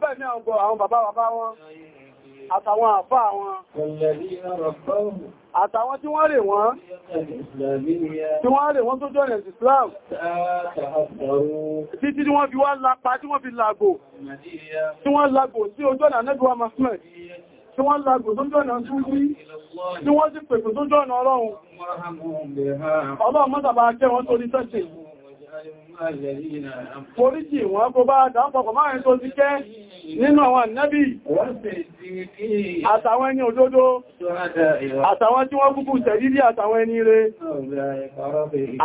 bẹ́ẹ̀ ní àwọn bàbá bàbá wọn àtàwọn àfá wọn àtàwọn tí wọ́n rè wọ́n tí wọ́n rè wọ́n tó jọ rẹ̀ Islam títí tí wọ́n fi wá lápa tí wọ́n fi làgò tí wọ́n làgò sí ojú ọ̀nà nẹ́gbọ́n Muhammad tí wọ́n lagò tó jọ́nà ṣúgbí tí wọ́n sì pèsè tó jọ́nà ọlọ́run ọlọ́run mọ́tàbà jẹ́ wọ́n tó ní Foríjì wọn bó bá dáńpọ̀pọ̀ máa ń tó ti kẹ́ nínú àwọn ànábì àtàwọn ẹni òdodo, àtàwọn tí wọ́n kúkú tẹ̀lírí àtàwọn ẹni rẹ̀,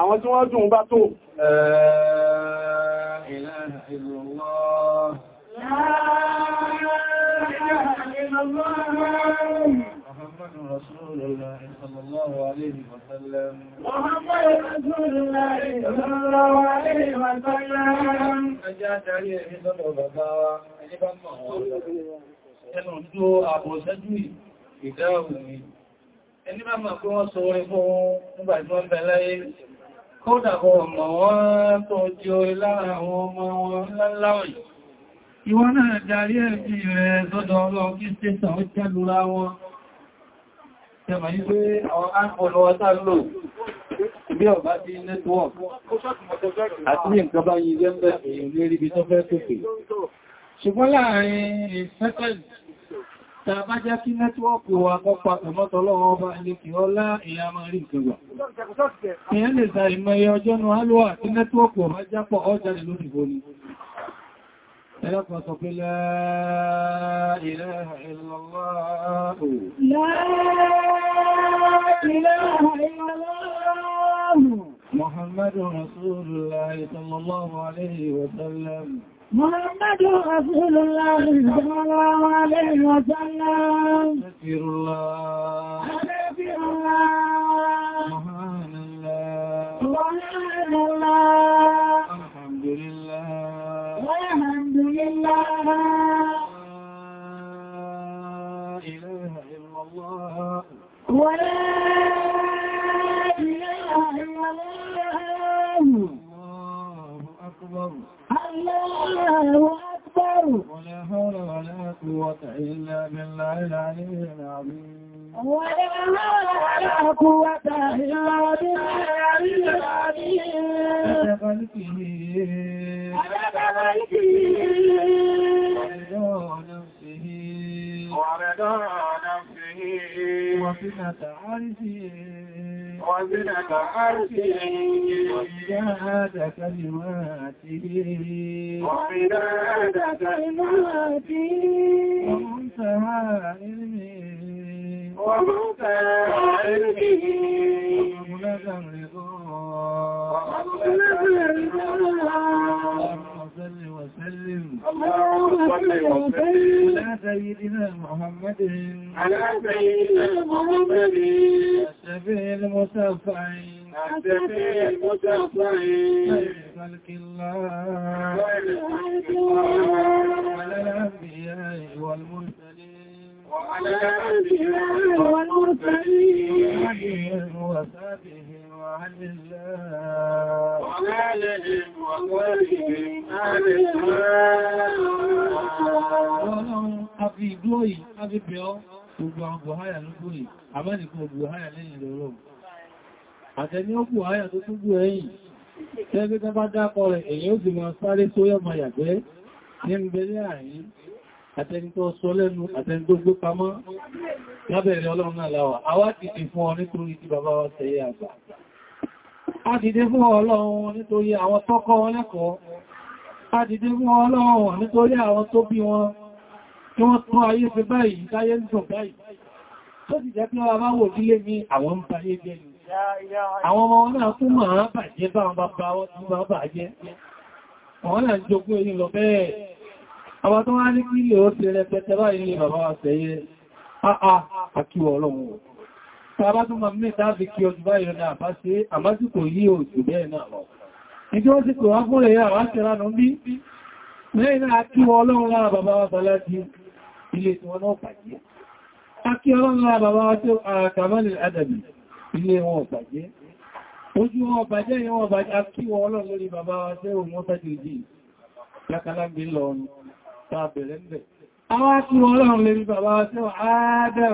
àwọn tí wọ́n dùn bá tó. La ilaha illallah محمد Ẹni máa máa kí wọ́n sọ orí fún nígbà tí wọ́n bẹ láyé, kódà kọ ọmọ wọ́n tó jí orí lára àwọn ọmọ wọn láláwọ̀ Ìwọ́n náà darí ẹ̀bí rẹ̀ sọ́dọ̀ ọlọ́ Ṣẹ̀mọ̀ yí pé àwọn ápọ̀lọ ọ̀tá lò bí ọ̀bá ti network àti ní nǹkan bá yí jẹ́mbẹ̀ èèyàn lérí bí tó fẹ́ tókè. Ṣùgbọ́n láàrin second tàbá jẹ́ kí nẹ́tíwọ́pù wa kọ́pá ìmọ́tọ̀lọ́wọ́ ọba ilé kì ọlá èèyàn máa rí nǹkan gbà. Èèyàn lè sa ìmọ̀ ẹyọ ọjọ́ nù alúwà tí nẹ́tíwọ́pù ọba jápọ̀ ọjà lè lórí ìbò ni. ẹlẹ́kùn sọ pé la ilaha illallah la ilaha illallah Muhammadu Rasulullah sallallahu alaihi wa sallam محمد رسول الله صلى الله عليه وسلم أستغفر الله أستغفر الله سبحان الله سبحان الله الحمد لله الله إله إلا الله ولا إله إلا الله الله أكبر الله أكبر ولا حول ولا قوة إلا بالله العلي العظيم ولا حول ولا قوة إلا بالله العلي العظيم وردى نفسه وفتنة عرشه وزن معاته وزناد كلماته وعناد كلماته ومنتهى علمه ومنتهى علمه ومنتهى رضاه ومنتهى رضاه صل وسلم اللهم صل وسلم على سيدنا محمد على سيدنا محمد الشفيع المشفعين الشفيع المشفعين خير خلق الله وعلى الأنبياء والمرسلين وعلى الأنبياء والمرسلين وصحبه وسابه عن الله ووالد ووالد عن الله Àfihàn àfihàn gbogbo àwọn Buhaya ló gbòrì, àmẹ́nìkan Buhaya lẹ́yìn lọ́rọ̀. Àtẹni ó Buhaya tó tún gbò ẹ̀yìn, tẹ́gbẹ́ tẹ́ bá dákọ rẹ̀ èyí ó sì máa sáré tó yọ́ máa yàgbẹ́ ní ìbẹ̀lẹ̀ àyí, àtẹni tó sọ lẹ́nu, àtẹni tó gbé pamọ́, lábẹ̀rẹ̀ ọlọ́run náà láwà. Àwa ti ti fún ọ nítorí ti bàbá wa tẹ̀yẹ àgbà a dìde fún ọlọ́run nítorí àwọn tó kọ́ wọn lẹ́kọ̀ọ́ a fún ọlọ́run nítorí àwọn tó bí wọn tí wọ́n tún ayé fi báyìí táyé ń báyìí tó ti jẹ́ pé wọ́n bá wò sílé ní àwọn ń bá wọn bàbá Tàbá tó máa mẹ́ta fi kí ọdún báyìí náà bá ṣe àmásìkò yí òjò bẹ́ẹ̀ náà lọ. Ìjọ́ sí kò wá fún ẹ̀yà wá ṣe ránà bí lẹ́yìn náà kí wọ ọlọ́run lára bàbá wa bá láti ilé tí wọn náà pàjẹ́. A kí ọlọ́run lára bàbá wa tó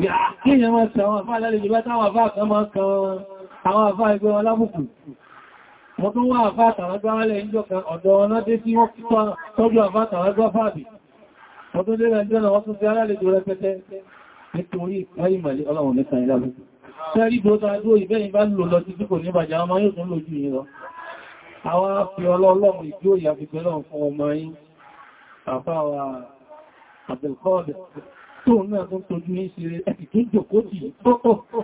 Kíyàn Wọ́n tó wá àfáà tàwọn gbáwálẹ̀ ìjọ kan ọ̀dọ̀ wọn dé tí wọ́n tọ́jú àfáà tàwọn gbá fàbí. Wọ́n tó dé Nàìjíríà wọ́n tó fi alálejò rẹpẹtẹ nítorí ìpáyì màlé ọlọ́run mẹ́ta ìlàbùkù tó náà tó tójú ní ṣe ẹ̀kì tó jòkótì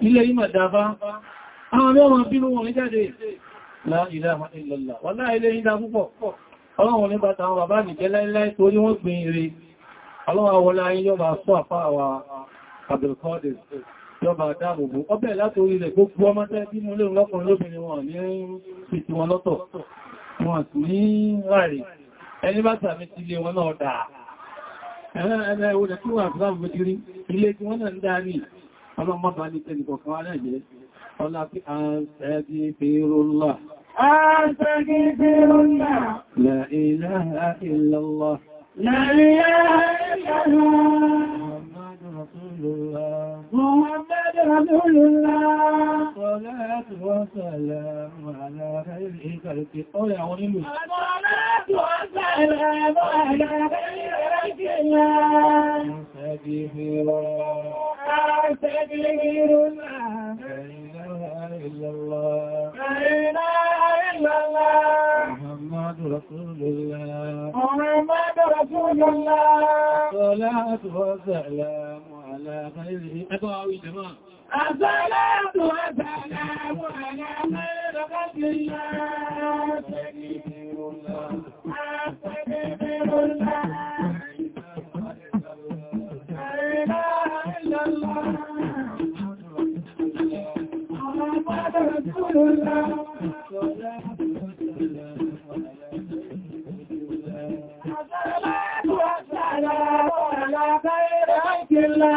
ilẹ̀ ìmọ̀ dábá àwọn ọmọ ọmọ bínú wọn jáde la ilaha illallah wọ́n láà ilẹ̀ ìdá púpọ̀ ọlọ́run ní bàtà àwọn bàbá nìjẹ́ láìláì torí wọ́n gbìn ire ọlọ́run àwọlá yọba sọ àfá àwà Abdulkadir yọba dáàbòbò ọbẹ̀ látorí rẹ̀ gbogbo ọmọ tẹ́ bínú lè lọ́kùnrin lóbìnrin wọn ní fìtì wọn lọ́tọ̀ wọn ní ráàrí ẹni bá tàbí ti lé wọn náà dáa ẹ̀rẹ́ ìwòlẹ̀ tí wọ́n àfíláàmù ti rí ilé tí wọ́n náà ń dáa ní ọlọ́mọ́bà ní tẹ́lìkọ̀kan wá La ilaha illallah La ilaha illallah Rasulullah Muhammad Rasulullah Salatu wa salam ala khairi khalqi Ọ̀rẹ́ àwọn nílùú Salatu wa salam ala khairi khalqi Astaghfirullah Astaghfirullah La ilaha illallah La ilaha illallah محمد رسول الله محمد رسول الله الصلاة والسلام على خير أدعوي جماعة الصلاة والسلام على خير خلق الله أستغفر الله أستغفر الله لا إله إلا الله محمد رسول الله ńlá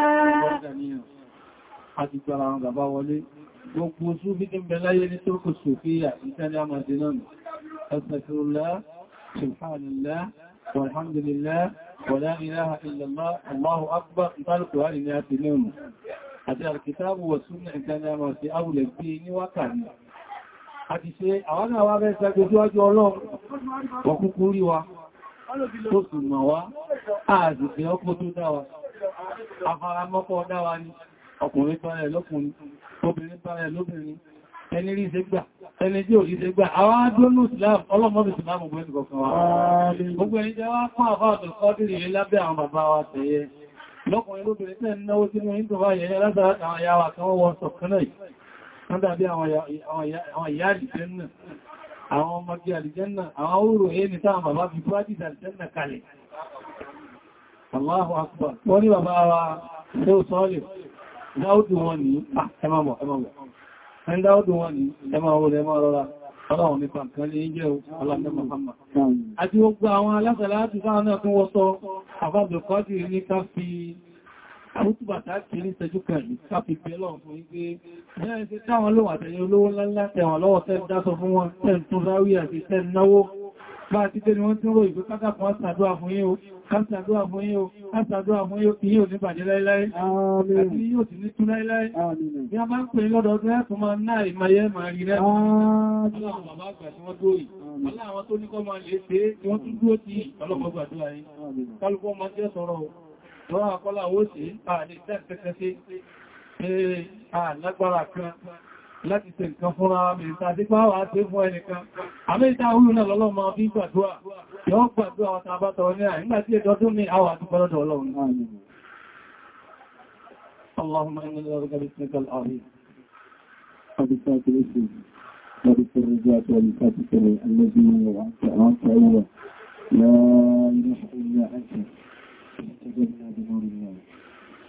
àti gbọ́ra àwọn bàbá wọlé gbogbo oṣù bí kí ń bẹ láyé ní tó kò sòfíà ìtẹ́lẹ̀ àmàdé náà nù astaghfirullah subhanallah walhamdulillah wala ilaha illallah allahu akbar ìtàlùkù hàrí ní àti lẹ́nu àti alkitabu wa sunna ìtẹ́lẹ̀ àmàdé àwùlẹ̀ bí ní wákàní àti ṣe àwọn àwọn abẹ́ ìsàgbójú ọjọ́ ọlọ́run wọ́n kúkú rí wa tó sì mọ̀ wá ààzìfẹ́ ọkọ̀ tó dáwàá Àfaramọ́pọ̀ dáwà ni, ọkùnrin bára ẹ̀ lọ́kùnrin, obìnrin bára ẹ̀ lóbìnrin, ẹni rí ṣe gbà, ẹni tí ò rí ṣe gbà, àwọn adónú ìsìláàmù, ọlọ́mọ́bì ìsìláàmù gbẹ́ni kọ̀kan wa. Gbogbo ẹni jẹ́ wá pán àfáà tó kọ́dìrì lábẹ́ àwọn bàbá wa tẹ̀yẹ. Lọ́kùnrin lóbìnrin tẹ́ ń náwó wọ́n sọ̀kan àwọn ọmọdé àdìjẹ́ náà, àwọn orò èé ní táwọn bàbá fi pàdìsà àdìjẹ́ náà kalẹ̀. Allahu akbar. Wọ́n ní bàbá wa ṣe ó sọ́ọ̀lẹ̀. Dáúdù wọn ní ẹmàmọ̀ ẹmàmọ̀. Ẹn dáúdù wọn ní ẹmàmọ̀ ẹmà rọra. Ọlọ́run nípa nǹkan ní jẹ́ ọlọ́run Muhammad. Àti gbogbo àwọn alásàlá láti sáà náà tún wọ́sọ, àbábẹ̀ kọ́dì ní ká fi bá ti tẹ́ wọ́n tí ó ìgbé kátàkùn àtàdúwà fún yíò kátàdúwà fún yíò kátàdúwà fún yíò yíò ní bàjẹ́ láíláí àti yíò ti ní tú láíláí bí a bá ń pè lọ́dọọdún ẹ́kùn máa náà ìmáyẹ́ máa rí rẹ̀ ọlọ́run bàbá àgbà tí wọ́n dóì láti tẹ nǹkan fún ara mi tàbí pàwà tí fún ẹnìkan. Àmẹ́ta orú náà lọ́lọ́ máa bí gbàdúrà, yọ́ gbàdúrà wata bá tọrọ ní àìyí láti ẹjọ́ tó ní àwà tó pẹ́lọ́dọ̀ ọlọ́run Allahumma inna lillahi wa inna ilaihi raji'un. Abisat Yesu, Abisat Rajat wa Abisat Al-Nabi wa Ta'at Ta'ala. La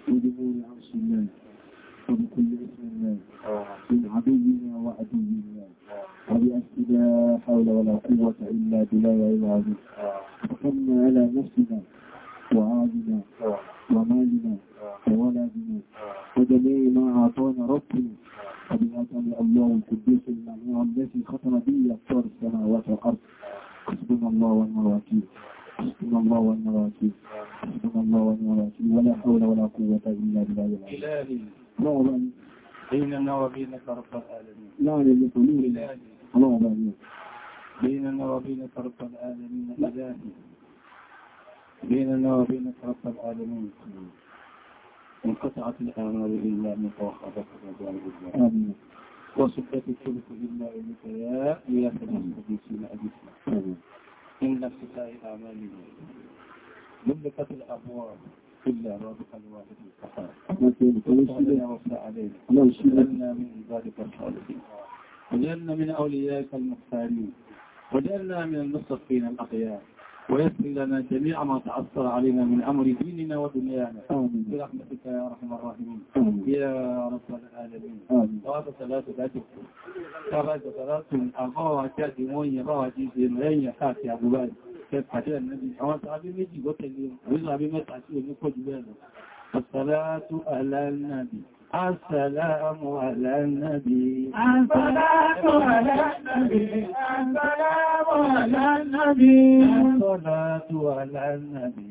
ilaha illa بكل اسم من عدونا وعدونا وبأسئلة لا حول ولا قوة إلا بالله العظيم وكنا على نفسنا sàlátù láti kú bàbá ìjọ sàlátù àbáwà jáde wọ́n yẹn báwà jíze lẹ́yìn àti àbúrà pẹ̀pàdé ẹ̀nàbí àwọn sàábí méjì gọ́tẹ̀lé orílẹ̀ àbí mẹ́ta sí omi pọ̀ jù bẹ́ẹ̀ lọ sàlátù alánàbí السلام على النبي الصلاة على النبي السلام على النبي الصلاة على النبي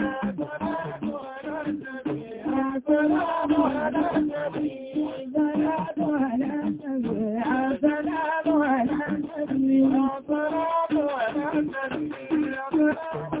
السلام على النبي الصلاة على النبي الصلاة على النبي الصلاة على النبي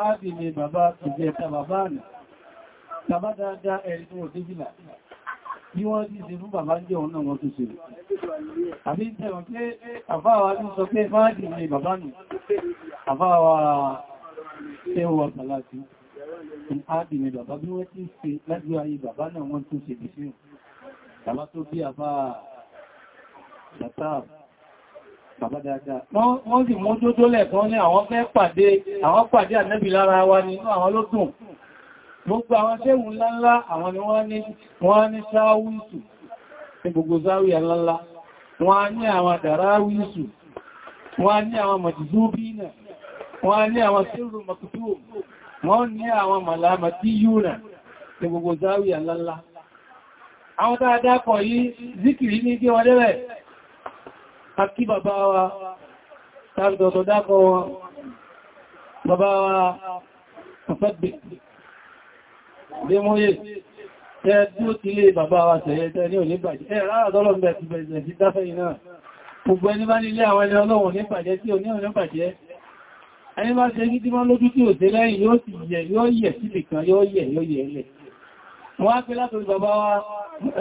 káàkiri bàbá ìjẹ ẹ̀ta bàbá ànà bàbá dáadáa ẹ̀rí tó rọ̀díjìlá bí wọ́n ti ṣe fún bàbá jẹ́ ọ̀nà wọn tó ṣe rẹ̀ àbí tẹ́wọ̀n pé àfáwà ní sọ pé fáàdì ní bàbá nù àfáwà ẹwọ̀ àtàláti fáàdì ní bàbá bí wọ́n ti ṣe lájú ayé bàbá náà wọ́n tó ṣe bìṣẹ́ bàbá tó bí àfáà wọ́n sì mú jójó lẹ̀kan ní àwọn fẹ́ pàdé àwọn pàdé ànẹ́bì lára wa nínú àwọn ló dùn gbogbo àwọn ṣéhù ńláńlá àwọn ni wọ́n ní wọ́n ní sáwísù ní gbogbo záwíyà ńláńlá wọ́n ní àwọn dàráwísù wọ́n ní àwọn mọ̀tìzúbínà wọ́n ní àwọn sírù mọ̀kútù wọ́n ní àwọn màlámàtíyúnà ní gbogbo záwíyà ńláńlá àwọn dáadáa kọ̀ yìí zikiri ní gé wọn lẹ́rẹ̀ akí bàbá wa tàbí dákọ̀ wọn bàbá wa ọ̀fẹ́gbẹ̀ lé múyè tẹ́ tí ó ti lé bàbá wa tẹ̀yẹ tẹ́ ní òní bàjẹ́ ẹ̀ rárá tọ́lọ̀ mẹ́ ti bẹ̀rẹ̀ sí dáfẹ́ iná gbogbo ẹni bá nílé àwọn ẹni ọlọ́wọ̀n ní bàjẹ́ tí ò ní òní bàjẹ́ ẹni bá ṣe gídí mọ́ lójú tí ò sí lẹ́yìn yóò sì yẹ yóò yẹ síbì kan yóò yẹ yóò yẹ ẹlẹ̀ wọ́n á pẹ́ látòrí bàbá wa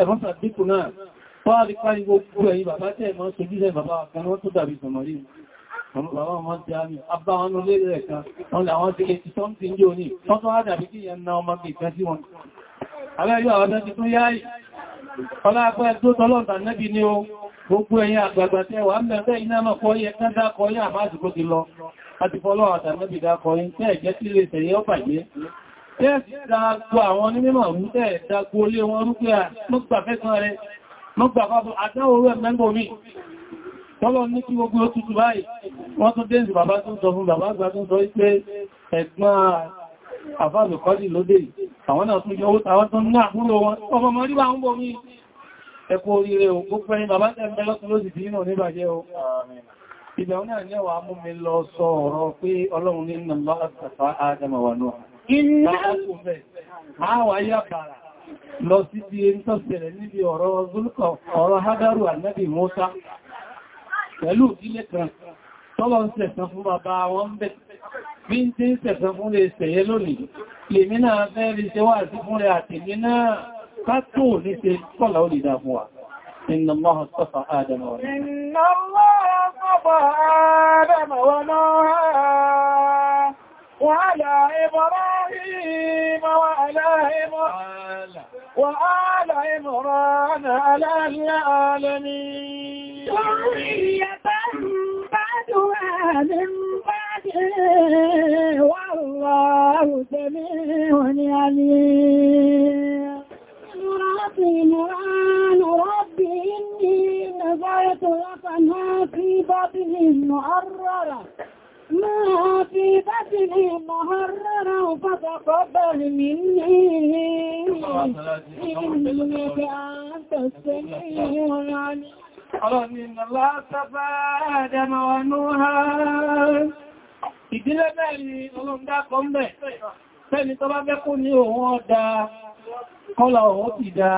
ẹ̀fọ́n sàdíkù náà Wọ́n rí parí gbogbo ẹ̀yìn bàbá tẹ́ mọ́ sojúlẹ̀ bàbá kan wọ́n tó dàbí sọmọ̀rí. Bàbá ọmọ ti àmì, àbá wọn ló lérẹ̀ ẹ̀ka, wọ́n làwọn ti kẹtì sọ́mtí ní òní, wọ́n tó wá dàbí kí ìyẹn na ọmọ gbẹ̀ẹ́ká sí wọn. Àbẹ́ yóò àwọn tẹ́ tó yáì, ọlá apẹ́ tó tọ́lọ́ta nẹ́bí ní o, gbogbo ẹ̀yìn àgbàgbà tẹ́ wà mẹ́fẹ́ iná mọ̀ kọ́ yẹ kán dákọ́ yẹ àbájúkó ti lọ, àti fọ́lọ́ àtàmẹ́bí dákọ́ yẹ tẹ́ ẹ̀jẹ́ sí lè tẹ̀yẹ́ ọ̀pàgbé tẹ́ẹ̀sì dágbà àwọn onímọ̀ rú tẹ́ẹ̀ dágbò lé wọn rú pé à mọ́gbàfẹ́ kan rẹ̀ mọ́gbà bàbá àdáwò rẹ̀ mẹ́gbò mi tọ́lọ ní kí gbogbo tútù báyìí wọ́n tún dẹ́sì bàbá tó sọ fún bàbá àgbà tó sọ wípé ẹ̀gbọ́n àfáàlùkọ́lì lóde àwọn náà tún yóò tàwọn tó ní àkúrò wọn ọmọ mọ́ ríbà ń bọ̀ mí ẹkù oríire ò gbogbo ẹni bàbá tẹ́ẹ̀mẹ́ lọ́tún lóṣì tí nínú níbàjẹ́ o ìgbà wọn náà ní ẹwà mú mi lọ lọ sí bí i tó ṣẹlẹ̀ níbi ọ̀rọ̀ zulkọ ọ̀rọ̀ hadaru annabi musa pẹ̀lú ìdílé kan tọ́lọ̀ ń sẹ̀sán fún bàbá wọn bẹ̀ bí n tí ń sẹ̀sán fún lè sẹ̀yẹ lónìí lèmi الله اصطفى آدم إن الله اصطفى آدم وعلى إبراهيم وعلى إبراهيم وعلى إمران على العالمين ذرية بعدها من بعد والله سميع عليم ربي مران ربي إني نظرت لك في بطن محررة ما في بطني محررا فتقبل مني إنك أنت السميع العليم Ọlọ́run ni Allah tàbá Adama wa Núhà. Ìdílé mẹ́rin ọlọ́run dákọ̀ ń bẹ̀. Fẹ́ni tó bá bẹ́kú ní òun ọ̀dá, kọ́lá òun ti dá.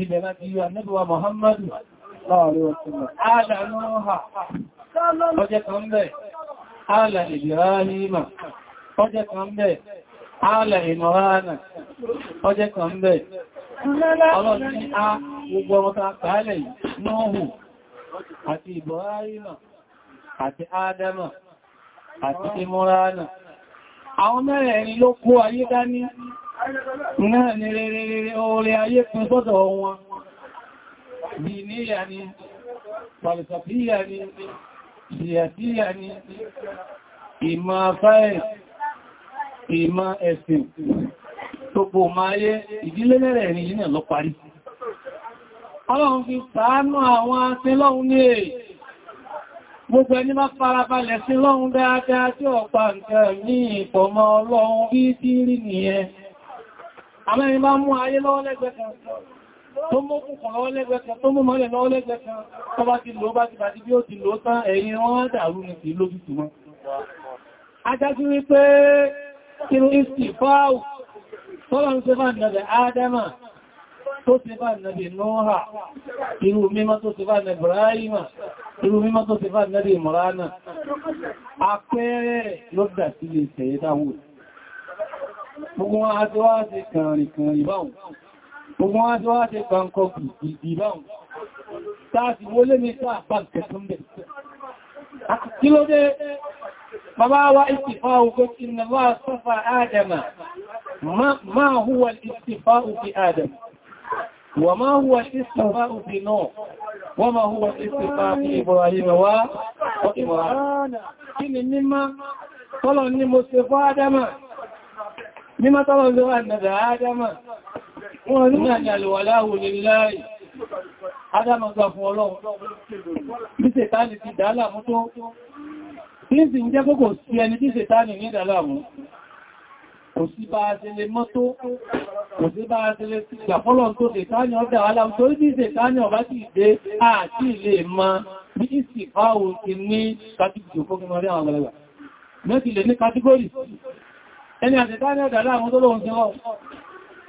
Ilẹ̀ láti yọ Ànábì wa láàrin ọ̀tún. ọjẹ́ kan bẹ̀ ààlà Ibrahima ọjẹ́ kan bẹ̀ ààlà Imrana ọjẹ́ kan bẹ̀ ọlọ́run ní a gbogbo ọmọ ta kààlẹ̀ àti àti Adama àti Imrana àwọn ló ayé dání náà ni rere ayé fún sọ́dọ̀ wọn bí níyà ni síyàtíyà ni ìmọ̀ afáẹ̀ ìmọ̀ ẹ̀sìn tó pò máa yẹ ìdílé mẹ́rẹ̀ ní yínà lọ parí ọlọ́run fi ṣàánú àwọn asínlọ́hun ní èyí gbogbo ẹni bá farabalẹ̀ sí lọ́hun dáadáa tí ọ̀pá nǹkan ní ìpọ̀mọ́ ọlọ́run tó mú kùnkùn lọ́wọ́ lẹ́gbẹ̀ẹ́ kan tó mú mọ́lẹ̀ lọ́wọ́ lẹ́gbẹ̀ẹ́ kan tó bá ti lò bá ti bá ti bí ó ti lò tán ẹ̀yìn wọ́n dàrú ní sí lójútù mọ́. adájú wípé kírú ìsì fáwù tọ́lọ̀ ń ṣe bá nàbẹ̀ ádámà tó ṣe bá nàbẹ̀ nóhà irú mímọ́ tó ṣe bá nàbẹ̀ ibrahima irú mímọ́ tó ṣe ìmọ̀ránà apẹ́ẹ̀rẹ̀ ló dà sílé ìṣẹ̀yẹ́dáwò gbogbo wọn a ti wá ṣe kàrìnkàrìn báwọn gbogbo wọn tó wá ṣe pàǹkọ̀kì ìdìbáhùn táàtì wọlé ní sáàpá kẹtùmbẹ̀ kí ló dé bàbá wa ìtìfà òkú inna Allah safa Adama ma huwa ìtìfà òkú Adam wa ma huwa ìtìfà òkú Nuh wa ma huwa ìtìfà òkú Ibrahim wa Imran kí ni mímá tọ́lọ ni mo ṣe fún Adama Wọ́n ní àní àlùwàláhù níláì. Ádámà gbà fún ọlọ́run. Bí Sètáni ti dálà mú tó. Tí sì ń jẹ́ kókò sí ẹni tí Sètáni ní dálà mú. Kò sí bá a ṣe lè mọ́tó, kò sí bá a ṣe lè gbà fọ́lọ́n tó Sètáni ọdá aláwọ̀ tó ní Sètáni ọba ti dé àti ilé ma bí ìsìnkáwò ti ní kàtíkì fún ọmọdé àwọn àgbàlagbà. Mẹ́tìlẹ̀ ní kàtíkórì.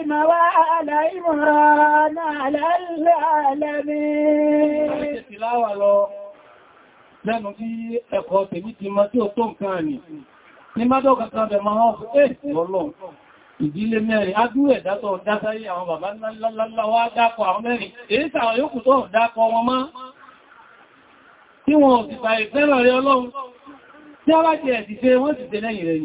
إبراهيم وعلى إمران على العالمين lẹ́nu tí ẹ̀kọ́ tèmi ti máa tí ó tó nǹkan ni ní mádọ́ ìdílé mẹ́rin adúrú ẹ̀dá tó àwọn bàbá lọ́lọ́wọ́ dákọ̀ àwọn mẹ́rin èyí tàwọn yóò tó dákọ̀ wọn má tí wọn ò fàyè fẹ́ràn rẹ ọlọ́run tí a bá jẹ́ ẹ̀sì ṣe wọ́n sì tẹ́lẹ̀yìn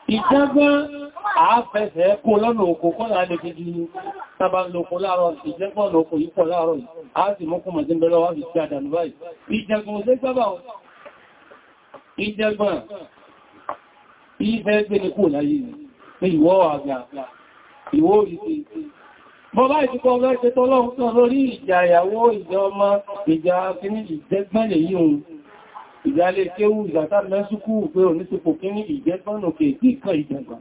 ìjẹ́gbẹ́ àáfẹ́sẹ̀ kó lọ́nà òkú kọ́ láàrin gidi tàbà lòkó láàrọ̀ ìjẹ́gbọ́n lòkó yípo láàrọ̀ àti mọ́kún mọ̀dínbẹ̀lọ́wà fi sí àdànù báyìí ìjẹ́gbọ́n ó lé sábà ìjẹ́gbọ́n ìfẹ́ gbé ní kò láyé ní ìwọ́ àgbà ìwọ́ ìsẹ́ bọ́bá ìtìkọ́ ọgbẹ́ ìtẹ́tọ́lọ́run tán lórí ìjà ìyàwó ìjọ ọmọ ìjà kìíní ìjẹ́gbọ́n lè yí ohun ìjálé kéwú ìgbàtà mẹ́sùkú pé ò ní ti pò kíní ìjẹ́gbọ́nà kèèkì kan ìjẹgbà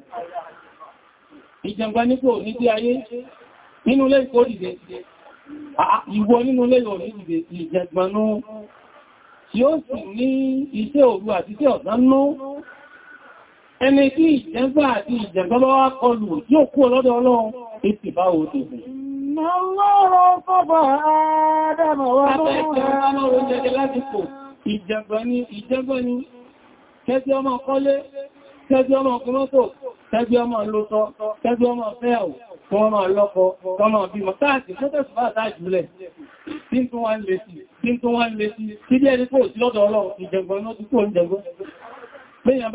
ìjẹgbà nípò ní tí ayé nínú lé ìkó dìde ìwọ nínú lé ìwọ̀ nídìde ìjẹgbànú tí ó sì ní iṣẹ́ òru àti iṣẹ́ ọ̀sánú ẹni tí ìjẹgbà àti ìjẹgbà bá wá kọlù tí ó kú ọlọ́dọ̀ ọlọ́run ìtìbá òdò Àwọn ọ̀rọ̀ fọ́bọ̀ Ádámọ̀ wọ́n mọ́ ìjàgbà ní ìjẹ́gbẹ́ ní kẹ́bí ọmọ kọ́lé kẹ́bí ọmọ kọmọ́tò kẹ́bí ọmọ lótọ́ kẹ́bí ọmọ fẹ́ẹ̀wò kọmọ lọ́kọ kọmọ bímọ táàtì fẹ́tẹ̀sù bá táàjù lẹ̀ tí ń tún wá ń lè sí tí ń tún wá ń lè sí kí bí ẹni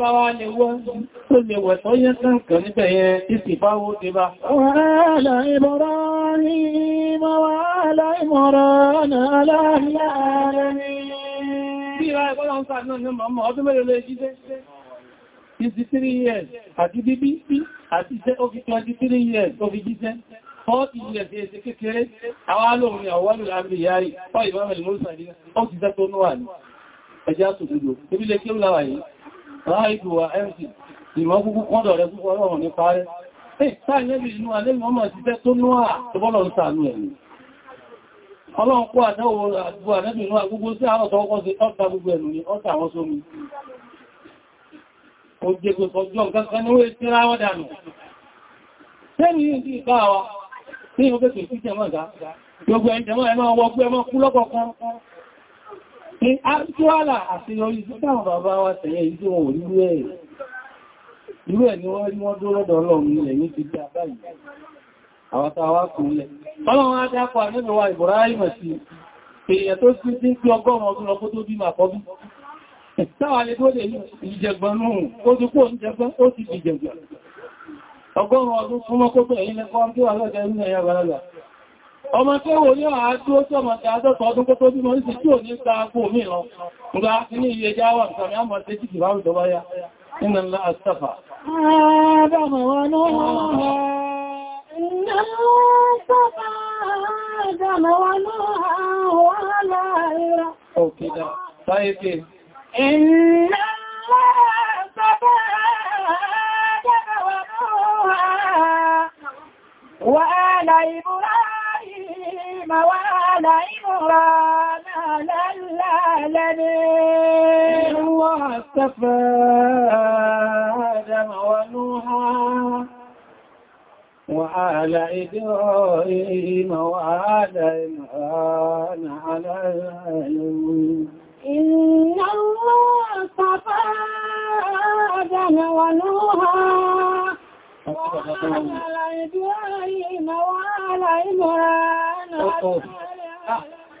bá wá lè wọ́n tó lè wẹ̀ tó yẹ́ sánkàn níbẹ̀ yẹn ìsì bá wó ti bá. Wàhálà ìmọ̀rá ní mọ́wàálà ìmọ̀rá náà láàrin Bí ìwà ìbọ́lọ̀ ń sáà náà ní ọmọ ọdún mẹ́rin lè jíṣẹ́ 63 years àti bíbí àti iṣẹ́ ó fi 23 years ó fi jíṣẹ́ 40 years èsì kékeré àwọn alóhun ni àwọn alùlárí yáyì fọ́ ìbámẹ̀lì mọ́sàrí ó ti sẹ́ tó níwà ní ẹjá tó dúdú ìbílẹ̀ kí ó láwà yìí ráìdù wa mc ìmọ̀ kúkú kọ́dọ̀ rẹ̀ púpọ̀ ọlọ́run ní parẹ́ Ọlọ́run kó àdáwò àdúgbò àdẹ́bì inú agbogbo sí àárọ̀ tọ́kọ́ sí ọ́ta gbogbo ẹ̀lú ní ọ́ta àwọn sómi. Ó jẹ́ gbogbo ọjọ́ ni wọ́n rí wọ́n dó lọ́dọ̀ Ọlọ́run ilẹ̀ ní ti dá báyìí àwọn tàwà kúnlẹ̀. ọlọ́run á dákọ̀ àmẹ́bẹ̀wà ìbòráyìmọ̀ sí èèyàn tó sí tí ń pí ọgọ́rùn ọdún lọ́kó tó bí mà táwà lè tó lè ìjẹgbọ̀n lóhun ó ti kó ìjẹgbọ̀n ó ti di ìjẹgbọ̀n ọgọ́rùn ọdún fún mọ́kótó ẹ̀yìn lẹ́kọ́ tí wà lọ́jẹ́ ní ẹ̀yà balala ọmọ tó wò ní ọ̀há tí ó sọmọ tí a dọ́tọ̀ ọdún kótó bí mọ́ sí tí ò ní sa agbó mi lọ nígbà tí ní iye jáwà nǹkan mi á mọ̀ sí ti kìbáwù tó bá yá nínú ńlá àstàfà Okay, now. Say it again. Inna Allah safa Adama wa Nuha wa ala Ibrahim wa ala Imran ala العالمين. Allah safa Adama wa Nuha وآل إبراهيم وآل إمران على العالمين إن الله اصطفى آدم ونوحا وآل إبراهيم وآل إمران على العالمين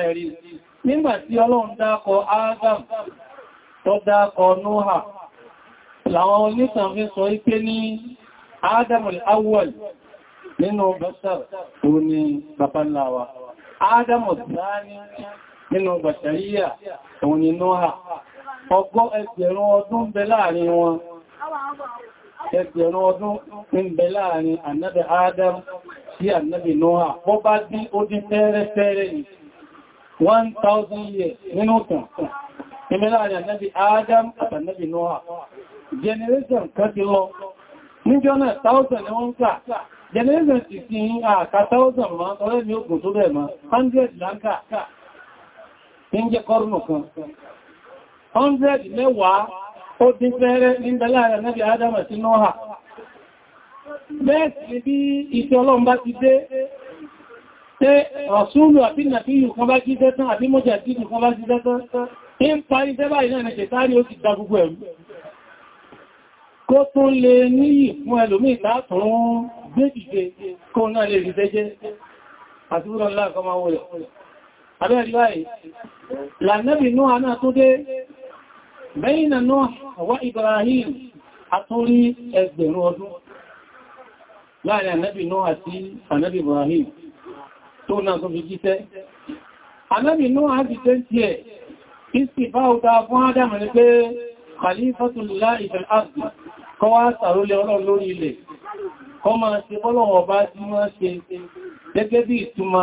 ẹ̀rí nígbàtí ọlọ́run dákọ Adam tó dákọ Noha làwọn onítàn fi sọ ipé ní Adamul awwal nínú bashar tó ní babaláwa Adamul thani nínú bashariya tó ní Noha ọgọ́ ẹgbẹ̀rún ọdún bẹ láàrin wọn ẹgbẹ̀rún ọdún ń bẹ láàrin annabi Adam sí annabi Noha bọ́ bá dín ó dín fẹ́rẹ́fẹ́rẹ́ yìí 1000 years nínú kan ìmìlá àrẹ ànábì Adam àtànábì Noah generation kan ti lọ níjọ́ náà 1000 ni wọ́n ń kà generation ti sí àkà 1000 ma ọ̀rẹ́ mi ogun tó bẹ̀ ma 100 láńkà ń jẹ́ kọrùnù kan 100 mẹ́wàá ó dín fẹ́rẹ́ ní ìdálà àrẹ ànábì Adam àti Noah bẹ́ẹ̀ sì bí ìṣẹ́ ọlọ́run ti dé Ṣé Rọ̀súlù àbí Nàbíyù kan bá jíṣẹ́ tán àbí mọ́jà títù kan bá jíṣẹ́ tán tí ń parí tẹ́bà ìlànà ṣètárí ó ti da gbogbo ẹ̀rù. Kó tún lè níyì fún ẹlòmí ìtàtùrún gbé dìde kó náà lè rí tẹ́jẹ́ àti búrọ̀ ńlá kan máa wọlẹ̀. Abẹ́rí báyìí, lànẹ́bì Núhà náà tó dé, bẹ́yìnà Núhà wá Ibrahim àtórí ẹgbẹ̀rún ọdún láàrin ànẹ́bì Núhà Ibrahim tó náà tó fi jíṣẹ́. Ànábì Nuh á ti tẹ́ tí ẹ̀, ìsìnfà òta fún Adam ní pé Khalifatullahi fil ardi, kọ́ wá sàrólé ọlọ́run lórí ilẹ̀, kọ́ máa ṣe bọ́lọ̀wọ̀ bá tí wọ́n ṣe gẹ́gẹ́ bí ìtumọ̀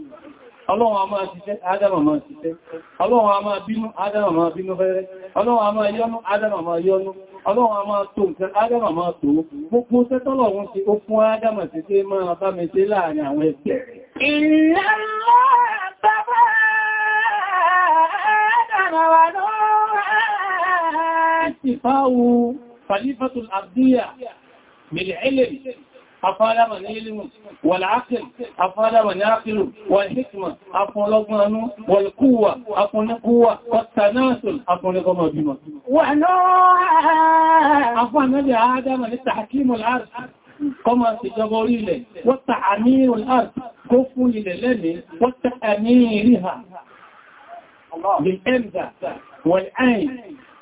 Ọlọ́run a máa ṣiṣẹ́, Ádámà máa ṣiṣẹ́. Ọlọ́run a máa bínú, Ádámà máa bínú fẹ́rẹ́. Ọlọ́run a máa máa Ọlọ́run a máa tó nǹkan, Ádámà máa tó. Gbogbo ti ó fún Ádámà ti ṣe máa bá mi ṣe láàrin àwọn ẹgbẹ́ Ìlànà bàbá afọ́lábà ní ilimu wàl'ákìl afọ́lábà ní ákìlù wàl'hikma afọ́lọ́gbọ́nú wàl'kúwà afọ́nikúwà wàtànáṣùl afọ́nikọmọ̀ bímọ̀ kọmọ ìjọba orílẹ̀ wọ́ta àmírù l'áàrùn kó fún ilẹ̀ lẹ́ni wọ́ta àmírì ha بالإمزة والعين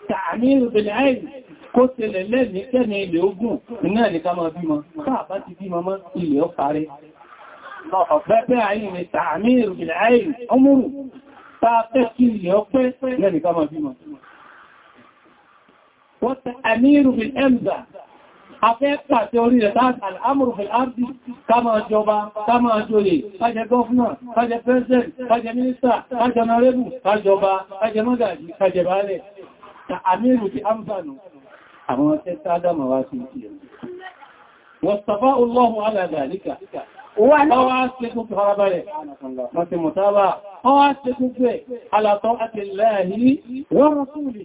تعمير بالعين kó tẹlẹ̀ lẹ́ni kẹ́ni ilẹ̀ ogun iná ẹ̀lẹ́ ká máa bímọ káà bá ti bímọ mọ́ ilẹ̀ ó parẹ́ bẹ́ẹ̀ àyìn ni tààmì ìrìnlẹ̀ àyìn ọmọrù tàà kí ilẹ̀ ọkpẹ lẹ́ni ká máa bímọ wọ́n ti àwọn tẹ́sà Ádámà wá sí ìtì wọ̀sàfá Allahu ala dhalika wọ́n wá ṣe kún fi farabalẹ̀ wọ́n ti mọ̀tàbà wọ́n wá ṣe kún fi ala ta'ati Allahi wa rasuli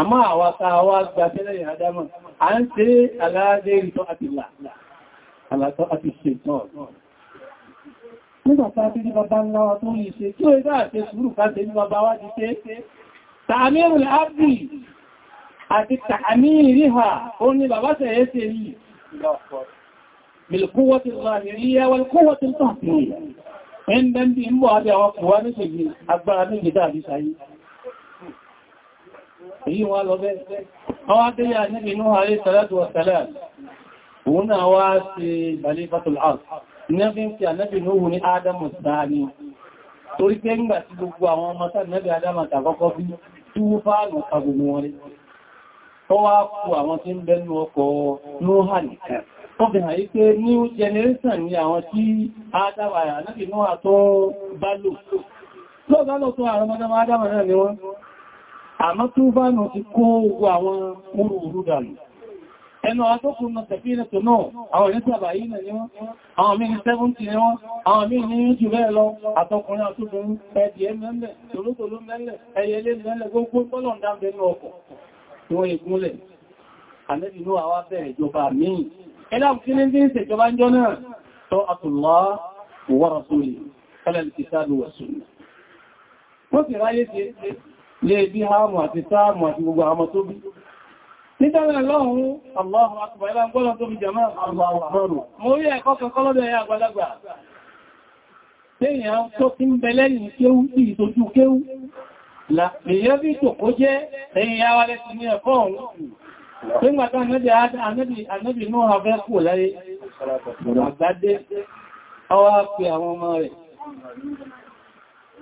àmá àwàta wá gba tẹ́lẹ̀ Ádámà ń ṣe aláàdé ìtọ́ àti láàlá alátọ́ àti ṣètọ́ nígbàtà tí ní bàbá ńlá wa tó ń ṣe tí ó ìdá àti sùúrù ká àti tààmì ìríhà ó ní bàbá sẹ̀yẹ́ sí èyí bilkúwọ́tí zahiriya walkúwọ́tí tààmìyà ẹn bẹ́ bí ń bọ́ àti àwọn kùwa ní ṣe agbára ní ìgbẹ̀dá àbí sáyé èyí wá lọ bẹ́ àwọn adéyà ní inú ààrẹ sàlátù wa sàlám òun náà wá sí balé fatul ars nẹ́bí tí ànẹ́bí nóhun ní ádámù sáàní torí pé ń gbà sí gbogbo àwọn ọmọ sáà nẹ́bí ádámù tàkọ́kọ́ bí túwú fáàlù àgbòmù wọn rí tó wá kú àwọn tí ń bẹnu ọkọ̀ nóhà nìkan tó fi hàn yí pé new generation ni àwọn tí adáwà ànábì nóhà tó bá lò tó bá lò tó àrọ mọ́dá adáwà náà ni wọ́n àmọ́ tó bá nù ti kó ogun àwọn orúurú dànù ẹnu àtọ́kùn náà tẹ̀fínà tó náà àwọn ìrìnsàbà yìí nà ní wọ́n àwọn mí ní 70 ní wọ́n àwọn mí ní jù bẹ́ẹ̀ lọ àtọkùnrin àtúkùnrin ẹ̀dì ẹ̀mẹ́lẹ̀ tòlótòló mẹ́lẹ̀ ẹ̀yẹlé mẹ́lẹ̀ gbogbo pọ́lọ̀ tí wọ́n ìgúnlẹ̀ àlẹ́bì ní àwá bẹ̀rẹ̀ ìjọba míì ẹlàm kí ní dín ìṣẹ̀jọba ń jọ náà tọ́ àtùlọ́ wa rasuli kálẹ̀ ìtìsáàlù wọ̀sùn wọ́n sì ráyé ti lè bí hàmù àti sáàmù àti gbogbo àmọ́ tó bí nítorí lọ́hun Allahu akbar ẹlàm gbọ́nà tó bí jama Allahu akbar mo rí ẹ̀kọ́ lèyẹ́ bí tò kó jẹ́ ẹ̀yìn yáwà lẹ́sì ní ẹ̀kọ́ ọ̀rún nígbàtà ànábì náà abẹ́ kò láyé àgbádé ọwá pé àwọn ọmọ rẹ̀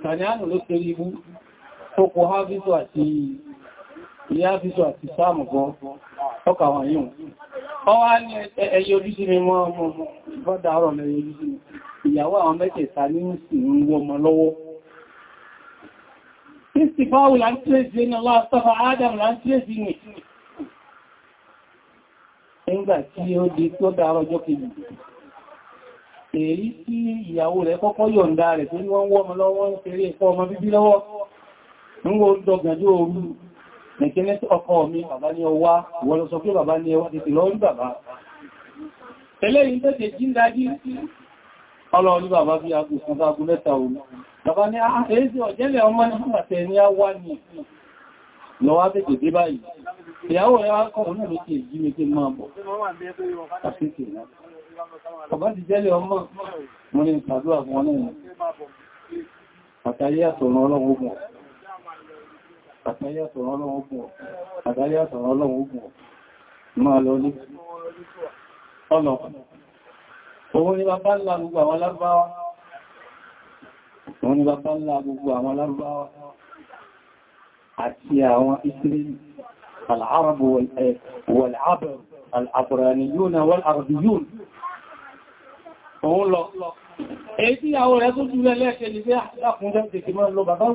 tàníánù ló pé ibú tókò hábítò àti ìyáfíso àti sáàmù gan ọkà wọn yíò ọwá ní ẹyẹ ojúsí mi mọ́ ọmọ bọ́dá ọ̀rọ̀ mẹ́rin ojúsí ìyàwó àwọn mẹ́tẹ̀ẹ̀ta ní ìsìn ń wọ́mọ lọ́wọ́ Christopher là ń tírèsì ní Allah Astafa Adam là ń tírèsì ní. Nígbà tí ó di tó dára ọjọ́ kejì. Èyí tí ìyàwó rẹ̀ kọ́kọ́ yọ̀ǹda rẹ̀ tó ní wọ́n wọ́n mọ́ lọ́wọ́ ń fèrè ẹ̀kọ́ ọmọ bíbí lọ́wọ́. Nígbà ó dọ̀gànjú ooru, nìkíní ọkọ mi bàbá ní ọwá, wọ́n lọ ọlọ́ọ̀lú bàbá bí agbo ìsànká agbo mẹ́ta òun bàbá ní àáyéjì ah, ọ̀jẹ́lẹ̀ ọmọ ní pàtẹ̀ ní a wá ní lọ́wọ́ tètè dé báyìí ìyàwó rẹ̀ akọ̀wọ̀n náà ló ti èjì mi Òun ni bàbá ńlá gbogbo àwọn lárúbáwá. Òun ni bàbá ńlá gbogbo àwọn lárúbáwá àti àwọn Ìsírẹ́lì, al'arabu wal-abar, al'abaraniyun wal-arbiyun. Òun lọ. Èyí tí àwọn rẹ̀ tó jùlọ lẹ́ẹ̀kẹ́ ni pé àkùnjẹ́ ah, tètè máa lọ bàbá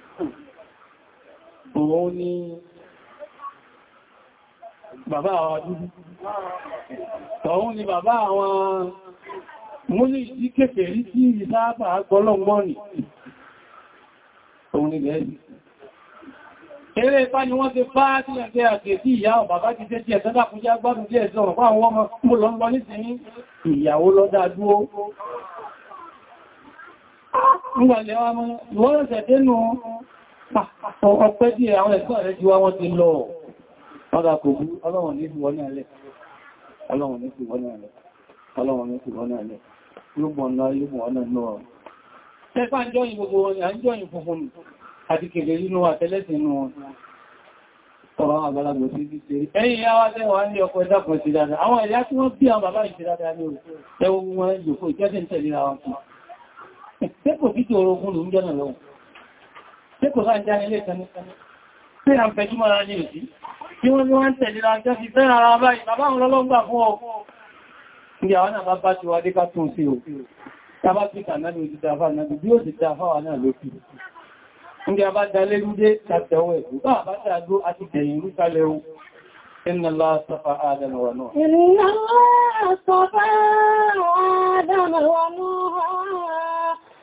òun ni bàbá àwọn dúdú tọ̀hún ni bàbá àwọn múlì sí kéfèrí sí ìsáàbà gbọ́lọ̀gbọ́nì òun ni gẹ̀ẹ́sì eré ipá ni wọ́n ti bá tí ẹgbẹ́ àti sí ìyá ọ̀ bàbá ti tẹ́tí ẹ̀sẹ́dà fún jẹ́ gbádùn díẹ̀ sí ọ̀rọ̀ fáwọn ọmọ mú lọ ń lọ nísìnyí ìyàwó lọ́dá dúó nígbàlẹ̀ ọmọ ìwọ́n ọpẹ́ díẹ̀ àwọn ẹ̀gbọ́n rẹ̀ ju àwọn ti lọ ọ̀dá kò bú ọlọ́run ní ìwọ̀n ní alẹ́ ọlọ́run ní ìwọ̀n ní alẹ́ ọlọ́run ní ìwọ̀n ní alẹ́ yóò náà yóò náà náà tẹ́pá ń jọ́yìn gbogbo wọn ni a ń jọ́yìn funfun àti kèrè nínú àtẹ́lẹ́sìn inú wọn ọ̀rọ̀ àgbàlagbò sí ti ṣe ẹ̀yìn ìyá wá tẹ́wọ̀ á ní ọkọ̀ ẹ̀dàkùn sí dáadáa àwọn ìyá tí wọ́n bí ní ẹwọ́ tí kò sáà jáde lè tẹ́lẹ̀ tí a ń fẹ́ jùmọ́ rájí rẹ̀ sí tí wọ́n ní wọ́n tẹ̀lé rájọ́ fi fẹ́ ara báyìí bàbá àwọn ọlọ́gbà fún ọ ní àwọn àbá bá ti wà dé ká tún sí o tàbá tí kà náà ní ojú tàfà náà bí ó ti tàfà wà náà lókì ní àbá dalé àbá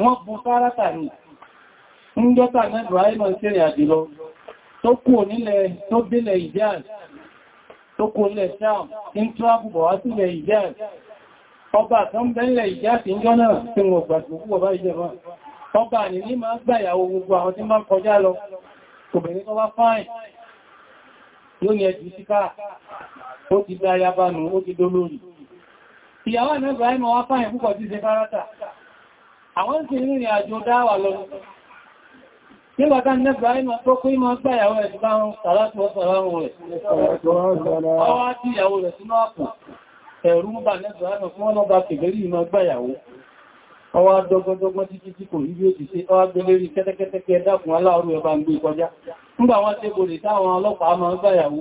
wọ́n bu sárátà ní ǹjọ́ta náà Ibrahima sẹ́rẹ̀ àdìlọ tó kú nílẹ̀ tó délẹ̀ Hijaz tó kú nílẹ̀ Sham tí ń tíráàbù bọ̀ wá sílẹ̀ Hijaz ọba kan bẹ́lẹ̀ Hijaz tí ń jọ náà tí wọ́n gbàgbogbo ọba ìjẹba ọba ní ní máa gbàyàwó gbogbo àwọn tí máa kọjá lọ obìnrin tó wá fáìn yóò ní ẹjù àwọn sì rìnrìn àjò dáwà lọ nígbàtá nẹ́gbà ìmọ̀ tó kú ìmọ̀ gbáyàwó ẹ̀ tí bá ń sàrátù ọ̀sàránù rẹ̀ ọwá tí ìyàwó rẹ̀ sínú àpò ẹ̀rù ń bà nẹ́gbà ìmọ̀ fún ọ́nà bá kègérí ìmọ̀ gbáyàwó ọwá dọ́gbọ́dọ́gbọ́n títí tí kò rí bí ó ti ṣe ọwá gbẹ́lérí kẹ́tẹ́kẹ́tẹ́kẹ́ dákùn aláàrú ẹ̀bá ń gbé kọjá nígbà wọ́n tẹ́ gbòlè táwọn ọlọ́pàá máa ń gbáyàwó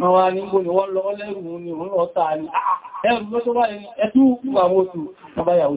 wọ́n wá nígbò ni wọ́n lọ lẹ́rù ní òun ọ̀ta ni ah, ẹrù ló tó bá ẹni ẹtú àwọn oṣù ọbáyàwó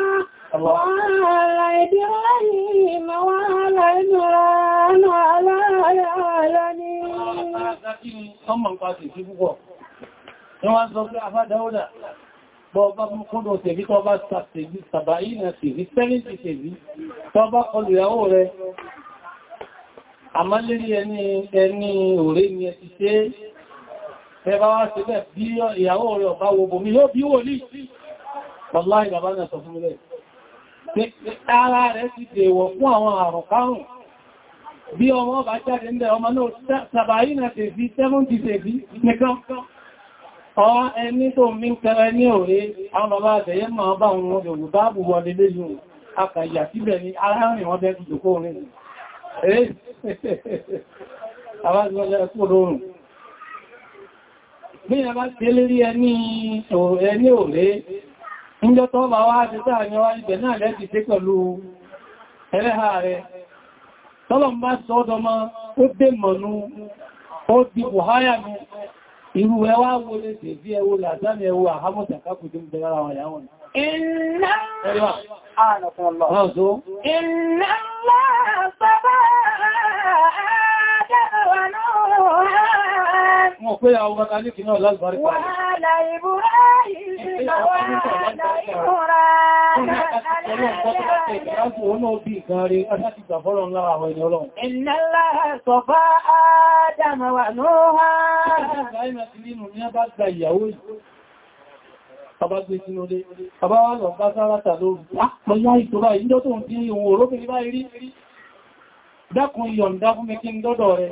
وعلى إبراهيم وعلى إبراهيم وعلى العالمين Wọ́n wá sọ pé àfádáwọ́dà bọ́ bá mú kúrò tèbí tó bá tàbí sàbáyí náà tèbí sẹ́rìntì tèbí tó bá kọlù ìyàwó rẹ̀. Àmá lérí ẹni ẹni òré ni ẹ ti ṣe ẹ bá wá sí bẹ́ bí ìyàwó rẹ̀ ọ̀bá wo bòmí yóò bí wò ní. Wọ́n láì bàbá náà sọ fún mi lẹ́yìn ara rẹ̀ ti dèwọ̀ fún àwọn àrùnkárùn bí ọmọ bá jáde ń bẹ ọmọ náà sàbàáyí na tè fi 70 tè fi nìkan ọwá ẹni tó mí ń kẹrẹ ní òre àwọn bàbá àtẹ̀yẹ́ máa bá wọn olùbáàbù wọlé léyìn akàyà síbẹ̀ ni aráàrin wọn bẹ́ẹ̀ jùkó orin rẹ̀ àwájúwọ́lẹ̀ kúrò oòrùn bí i Ìjọ tó bá wá ti sáà ní ibẹ̀ náà lẹ́ti sí pẹ̀lú ẹlẹ́ha rẹ̀. Tọ́lọ̀m bá sọ ó dé mọ̀nú, ó di Buhaya ní irú ẹwà wo lè tè bí ẹwò làtàrí ẹwò àhámọ́ta kákùtù ń bẹ̀rẹ̀ àwọn ìyàwó Allah Wọ́n pé àwọn ọmọ tàbí náà lálùbáríkà. Wà láìbú ráyìí, wà láìbú ráyìí. wà lọ bá ìjọ́ tó ń tí ohun òrókè ní báyìí rí. Dákùn yọ̀ǹdá fún mi kí ń dọ́dọ̀ rẹ̀.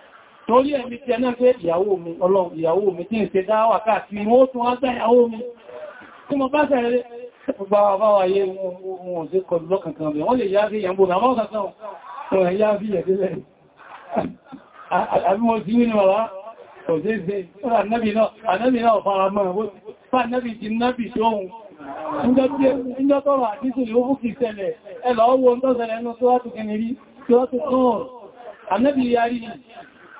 torí ẹ̀mí tí ẹ̀nà pé ìyàwó mi ọlọ́run ìyàwó mi tí ń ṣe dáwà káàkiri wọ́n tún wá gbá ìyàwó mi tí mo bá sẹ̀rẹ̀ gbà wọn ò kọlu lọ́kànkan rẹ̀ wọ́n lè yá sí ìyàmbò náà wọ́n kankan wọ́n yá sí ìyẹ̀dílẹ̀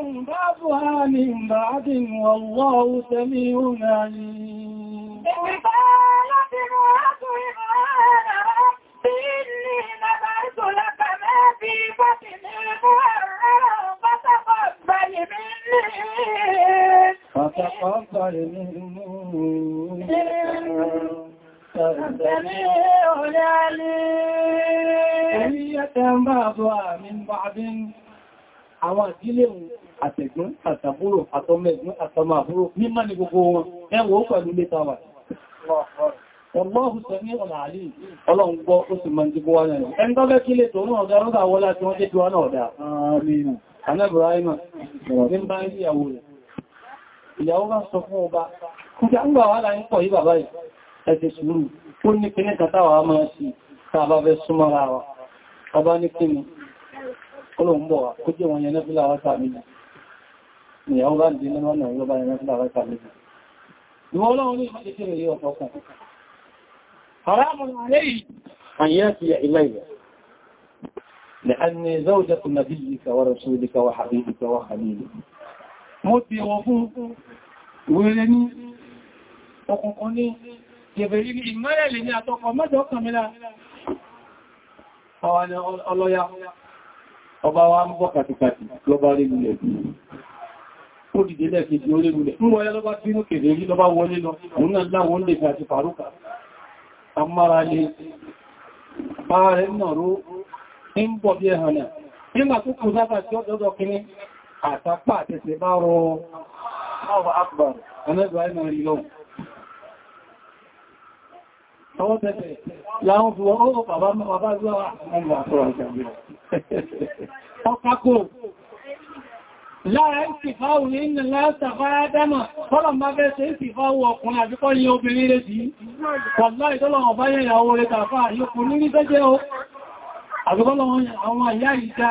أنباءهم بعضها من بعض والله سميع عليم قالت امرأة عمران ربي إني نذرت لك ما في بطني محررا فتقبل مني فتقبل مني Àwọn ìdílé òun àtẹ̀gbọ́n àtàbúrò àtọmẹ́gbọ́n àtọmàbúrò mímọ́ ní gbogbo wọn ẹwọ ó pẹ̀lú lé tàwà ọlọ́hùn sẹ́ni ọ̀nà àlè ọlọ́run gbọ́ ó sì mọ́ ìdígbó wá náà ẹni tọ́bẹ́ kí lè tòun ọ̀dá wọ́lá tí wọ́n ọ̀dá ìyàwó bá dì nínú ọ̀nà ìlọ́bá ẹran fún àwọn ìpàdé ìwọ ọlọ́run ní ìmọ̀lẹ̀ tí rẹ̀ ọ̀pọ̀ kan haramun alayhi an yatiya ilayya li'anni zawjatu nabiyyika wa rasulika wa habibika wa khalilika mo ti wọ fún wẹ́rẹ́ ní ọkùnkùn ní gẹ̀bẹ̀rí ní ìmọ̀lẹ̀ ní àtọkọ̀ mọ́jọ ọwà ni ọlọ́yá ọba wa ń bọ́ kàtìkàtì lọ́bá rí nílẹ̀ ó dìde lẹ́ẹ̀kejì ó lérúlẹ̀ ń wọlé lọ́bá tí ó kèrè rí lọ́bá wọlé lọ òun náà láwọn ó lè fi àti fàrúkà amára lè bá rẹ̀ nàró ń bọ̀ bí ẹ̀hànà nígbà tó kù sábà tí ọjọ́jọ́ kìíní àtàpá àtẹsẹ̀ bá rọ ọwọ́ akbar ẹlẹ́gbàá ìmọ̀ rí lọ Àwọn tẹ́tẹ̀ láwọn fi wọ́n ó bàbá bàbá lọ́wọ́ àwọn láàá ìsìfáwò ní ìnà látàfà ádámà fọ́lọ̀ má fẹ́ ṣe ìsìfáwò ọkùnrin àbíkọ́ ní obìnrin rẹ̀ sí pọ̀lá ìtọ́lọ̀wọ̀n bá yẹn ìyàwó rẹ̀ tàfà yóò ní ní o àbíkọ́lọ̀wọ̀n àwọn àyá ìdá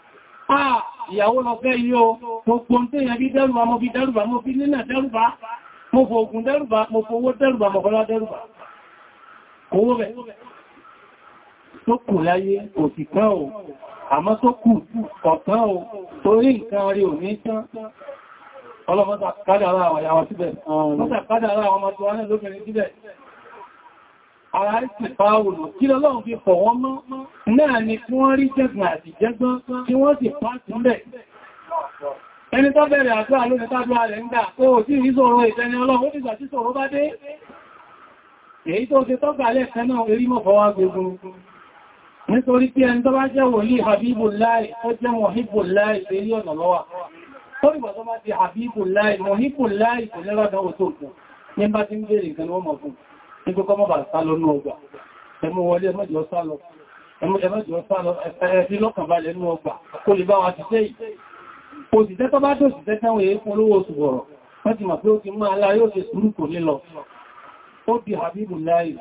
àà ìyàwó lọ fẹ́ yíó gbogbo ń tẹ́yàn bí dẹ́rùbà mo fi dẹ́rùbà mo fi nínà dẹ́rùbà mo fò ògùn dẹ́rùbà mo fò owó dẹ́rùbà mọ̀kọ́lá dẹ́rùbà owó rẹ̀ tó kù láyé kò sì kán o àmọ́ tó kù ọ̀kan o torí nǹkan rí ò ní tán ọlọ́mọ́ta kádàrá àwọn ìyàwó síbẹ̀ ara ìsì fáwòlò kí lọ́lọ́run fi fọ̀ wọ́n mọ́ náà ni kí wọ́n rí jẹ́gbọ̀n àti jẹ́gbọ́n kí wọ́n sì pàtí mẹ́ ẹni tó bẹ̀rẹ̀ àdúrà lónìí tàbíwà rẹ̀ ń gbà ó sì rí sọ̀rọ̀ ìtẹni ọlọ́run ó dìgbà tí sọ̀rọ̀ bá dé èyí tó ṣe tọ́gbà lẹ́ẹ̀kan náà erí mọ́ fọwá gbogbo nítorí pé ẹni tó bá jẹ́ wòlí Habibullahi nígbé kọ́ mọ́bà sálọ ní ọgbà ẹmú wọlé ẹmọ́jọ́ sálọ ẹ̀ẹ́sí lọ́kànbalẹ̀ ní ọgbà kó lè bá wa ti sẹ́yìn kò sì tẹ́tọ́ bá tó sì tẹ́tọ́ wọ́n èé fún olówó oṣù bọ̀rọ̀ wọ́n ti mọ̀ pé ó ti máa láyé ó ti sùúrù kò nílọ ó di habibu láyé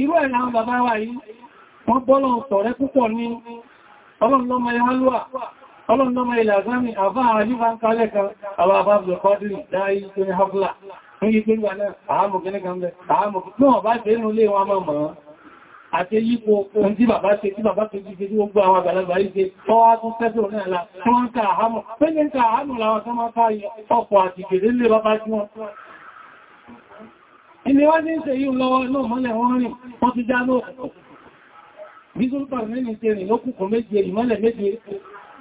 irú ẹ̀ láwọn bàbá wa yìí wọ́n bọ́lọ̀ sọ̀rẹ́ púpọ̀ ní ọlọ́run lọ́mọ ẹ̀hálùwà ọlọ́nàmà ilẹ̀ àzámi àbá àyíká kálẹ́kà àwọn àbábùlù kọ́dìrì dáyé tó ní hafla fún yí pínlẹ̀ náà àámù kìnnì kan bẹ̀ àámù kí wọ́n bá jẹ́ inú lé wọn máa mọ̀ àti yípo ohun tí bàbá ṣe tí bàbá ṣe jíṣe tí ó gbọ́ àwọn àgbàlagbà ìṣe tọ́wá tún tẹ́sù ní àlà tí wọ́n ń ká àhámù pẹ́lẹ̀ ń ká àhámù láwọn tó máa káyẹ ọkọ̀ àti gèrè lè bàbá tí wọ́n ilé wá ní ṣe yíò lọ́wọ́ náà mọ́lẹ̀ wọ́n rìn wọ́n ti já lóòkùnkùn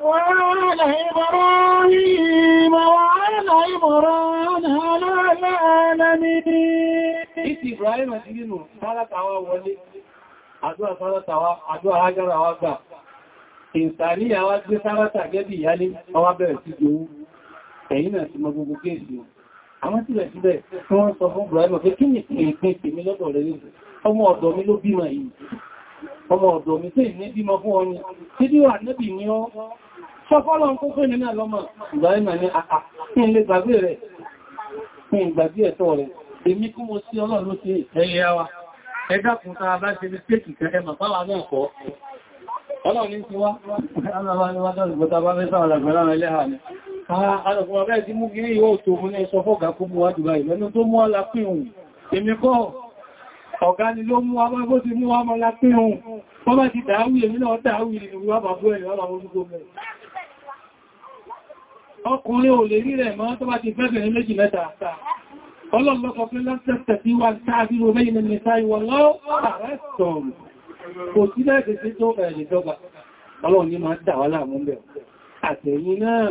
وعلى إبراهيم وعلى إبراهيم على العالمين Ìtì Ibrahim àti nínú sálátàwà wọlé, àdúwà sálátàwà, àdúwà hágára wá gbà. Ìsàní àwá gbé sálátà gẹ́bì ìyálé, ọwá bẹ̀rẹ̀ sí jòó, ẹ̀yìn náà sí mọ gbogbo kéèsì wọn. Àwọn sílẹ̀ síbẹ̀ tí wọ́n sọ fún Ibrahim pé kí ni ìpín tèmi lọ́dọ̀ rẹ̀ ọmọ ọ̀dọ̀ mi ló bímọ yìí. Ọmọ ọ̀dọ̀ mi tí ìní bímọ fún ọ Sọfọ́lọ́ ń kókó nínú àlọ́mà ìgbàrímà ní àà ní ilé gbàgbé rẹ̀, ní ìgbàgbé ẹ̀tọ́ rẹ̀. Èmi kú mo sí ọlọ́run ló ṣe ẹ̀yẹ wa. Ẹ dákun a bá ṣe ní pé kìkẹ́ ẹmà pàwà náà kọ́. Ọlọ́run ní ti wá, aláwọ̀ ni wá dọ́rùn gbọ́ta bá mẹ́ta àlàgbẹ̀ láwọn ẹlẹ́ hà ní. Ààrùn ah, ọ̀bẹ́ ti mú gírí ìwọ́ òtò òun ní ẹ̀ṣọ́ fọ́gà kó mú wá jù báyìí lẹ́nu tó mú ọlá pín òun. Èmi kọ́ ọ̀gá ni ló mú ọmọ ẹgbó ti mú ọmọ lápín ohun wọ́n bá ti dáwí èmi náà dáwí ìrìnwó àbàbó ẹ̀rọ àwọn olúgbò mẹ́rin ọkùnrin ò lè rí rẹ̀ mọ́ tó bá ti fẹ́bẹ̀rẹ̀ méjì mẹ́ta àta ọlọ́lọ́kọ̀ pé lọ́sẹ̀sẹ̀ tí wà táàbí ro mẹ́yìn mẹ́ta ìwọ̀ lọ́rẹ̀sọ̀rọ̀ kò sí lẹ́ẹ̀dẹ̀ tí tó ẹ̀rẹ̀ dọ́gba ọlọ́run ní máa dáwà láàmú bẹ̀ àtẹ̀yìn náà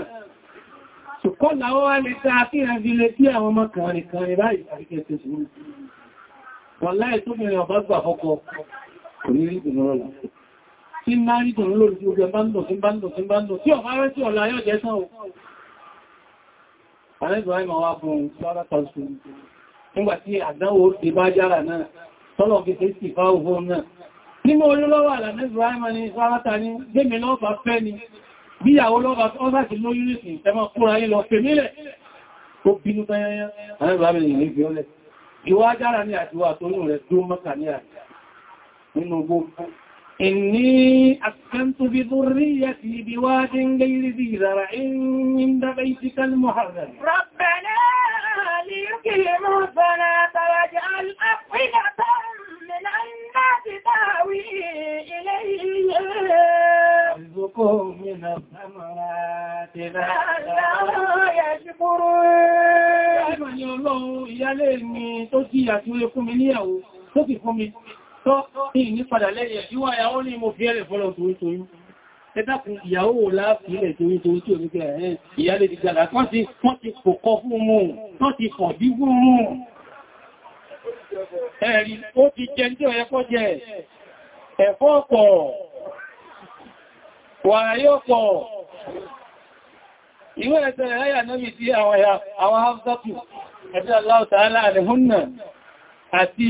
ṣùkọ́ làwọ́ wá lè ta àfihàn fi lè tí àwọn ọmọ kan rìn kan rìn báyìí àríkẹ́ tó ṣe wọ́n láì rí ìdùnnú rọ̀lá tí ń máa bá ń lọ sí bá ń lọ sí bá ń lọ sí ọ̀fárẹ́ sí ọ̀la yóò jẹ́ sán Àrẹ́gbẹ̀rẹ́ wá fún sọ́rọ̀tọ̀ sí nígbàtí ni sọ́rọ̀tà ní gbẹ́mì fẹ́ ni, bíyàwó lọ́fà tó ọ́sà ti lóyún ní ẹmọ kúra yí lọ fẹ́ mílẹ̀. Ó bínú tayẹyẹ, àrẹ́gbẹ̀rẹ́ ni إني أسكنت بذريتي بواد غير ذي زرع عند بيتك المحرم ربنا ليقيموا الصلاة واجعل أفئدة من الناس تهوي إليهم ارزقهم من الثمرات لعلهم يشكرون. يا lè ní tó kí àti orí fún mi tọ́ ní ìnípadà lẹ́yìn ìwà ìyàwó ní mo fi ẹ̀rẹ̀ fọ́lọ̀ torítorí ẹ̀dàkùn ìyàwó láàfin ilẹ̀ torítorí tí ò ní pẹ̀lẹ̀ ẹ̀yìn ìyálé ti gbàdà tọ́ ti kò kọ fún mú tọ́ ti kọ̀ bí fún mú ẹ̀rí ó ti jẹ ní ẹ̀kọ́ jẹ ẹ̀fọ́ pọ̀ wàrà yóò pọ̀ ìwé ẹ̀sẹ̀rẹ̀ ẹ̀yà náà ti àwọn hafsatu àti aláwọ̀ tààlà àdìhúnnà àti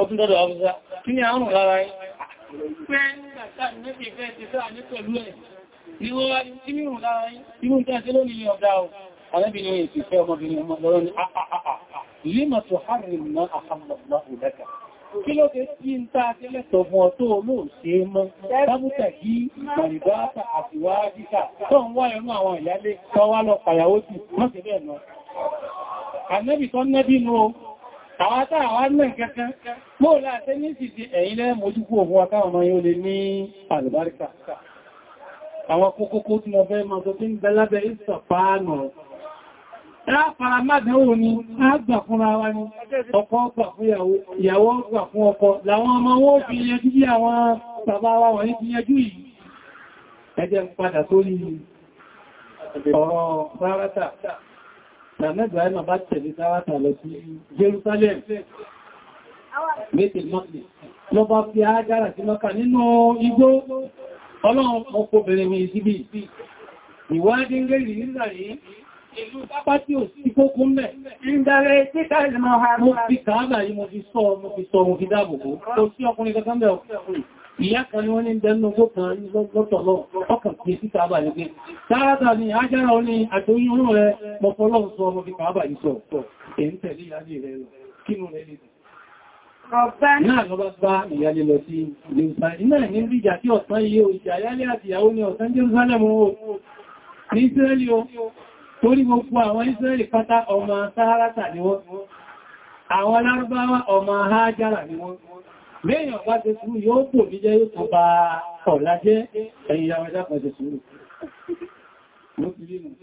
ó dọ́dọ̀ ọ̀fíṣà kí ni àrùn lára ẹ̀ pé nígbàtà níbi ìfẹ́ ti sáà ní pẹ̀lú ẹ̀ ni wọ́n wá ní ọ̀dá ọ̀ arábìnrin èsì fẹ́ ọmọbìnrin ọmọ ah, ah, ah, kí ló dé tí ń tàà tí lẹ́tọ̀ fún ọ tó mọ́ lábútà kí màrìbáta àti wáájíkà tó ń wá ẹnu àwọn ìyálé tó wá lọ pàyàwó jù mọ́ sí bẹ́ẹ̀ náà àwátá àwọn náà kẹ́kẹ́ mọ́ láti ní sì ti ẹ̀yìn lẹ́ mojúkú òfin wa káwọn ọmọ yóò lè ní àlùbáríkà àwọn kókókó tí wọ́n fẹ́ ma tó tí ń bẹ lábẹ́ ìsọ̀fáànà láàpàá mádẹ́wò ni a gbà fúnra wa ni ọkọ gbà fún ìyàwó gbà fún ọkọ làwọn ọmọ wọn fi yẹjú bí àwọn bàbá wa wọ̀n ní fi yẹjú yìí ẹjẹ́ padà sórí ọ̀rọ̀ rárátà Màmá Ibrahim bá tẹ̀lé sáwátà lọ sí Jerusalem, Bethel Mọ́sílẹ̀. Lọ bá fi ágára sí mọ́ka nínú igbó ọlọ́run ọkọ̀bìnrin mi síbí. Ìwádìí ń gẹ́rì nílà yìí, ìlú pápá tí ò sí kókún mẹ́. Ìdàrẹ títà ìlú ìyá kan ni wọ́n ní dẹnu gbọ́kan lọ́tọ̀lọ́ ọkàn kìí sí kàábà ní pé tààràtà ni ajára ó ní àtòyí orú rẹ mọ̀fọ́lọ́run sọ ọmọ fi kàábà ní sọ èyí tẹ̀lé ìyálé rẹ lọ kínú rẹ lè Náà lọ bá bá ìyálé lọ sí ilé ìsá. Iná ní bí ìjà tí ọ̀sán iye òjìjà ayálé àti ìyàwó ní ọ̀sán Jérúsálẹ̀mù ó ní Ísírẹ́lì ó àwọn Ísírẹ́lì ọmọ Sáhárátà ni ni wọ́n. Béèyàn bá ṣe sùúrù yóò pò ní jẹ́ yóò tún bá ẹ̀yìn ìyàwó ìjápọ̀ ṣe sùúrù.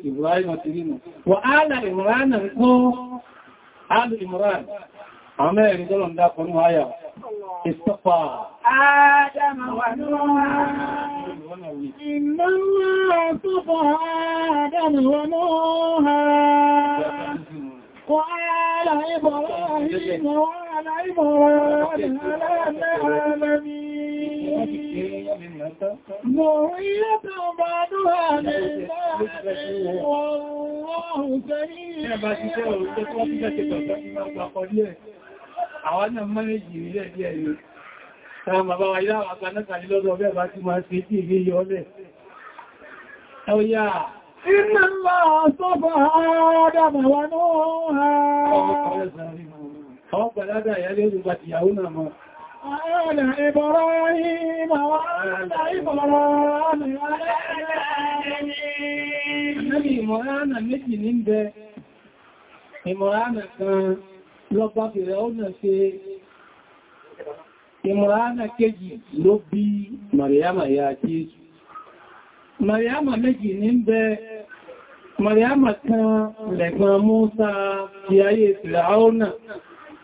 Ìbúráìmọ̀ ti rínú. Wà á là ìmúránà kún áàlù ìmúránà. ń dákọ̀ ní àyà. Ìsọ́pà. Ádámà wà náà. Ìnáwó àtúfà Ádámà wà náà. Wà إبراهيم على العالمين مرية بعدها من والله سميع Àwọn náà mọ́lẹ́jì ilé díẹ̀ yìí. Táwọn bàbá wa ilá àwọn àgbànákà lílọ́dọ̀ ọ̀bẹ́ bá ti máa ṣe tí ìgbé yọ ọlẹ̀. Ẹ̀wọ̀yà, iná ńlá sọ́fà àádámà wà náà. Ọmọ Àwọn pẹ̀ládà ìyálé ó gbà ìyàwó náà mọ́. Ààrẹ ìbọ̀rọ̀ ìmọ̀ wà ààrẹ ìbọ̀rọ̀ ààrẹ ìrìn. Ìmọ̀ránà méjì ní ń bẹ, ìmọ̀ránà kan lọ bá fèrè ó nà ṣe, ìmọ̀ránà kejì ló bí Màríyàmà ya Jésù. Màríyàmà méjì ní ń bẹ, Màríyàmà kan lẹ̀gbọ́n Músà ti ayé Fìràónà.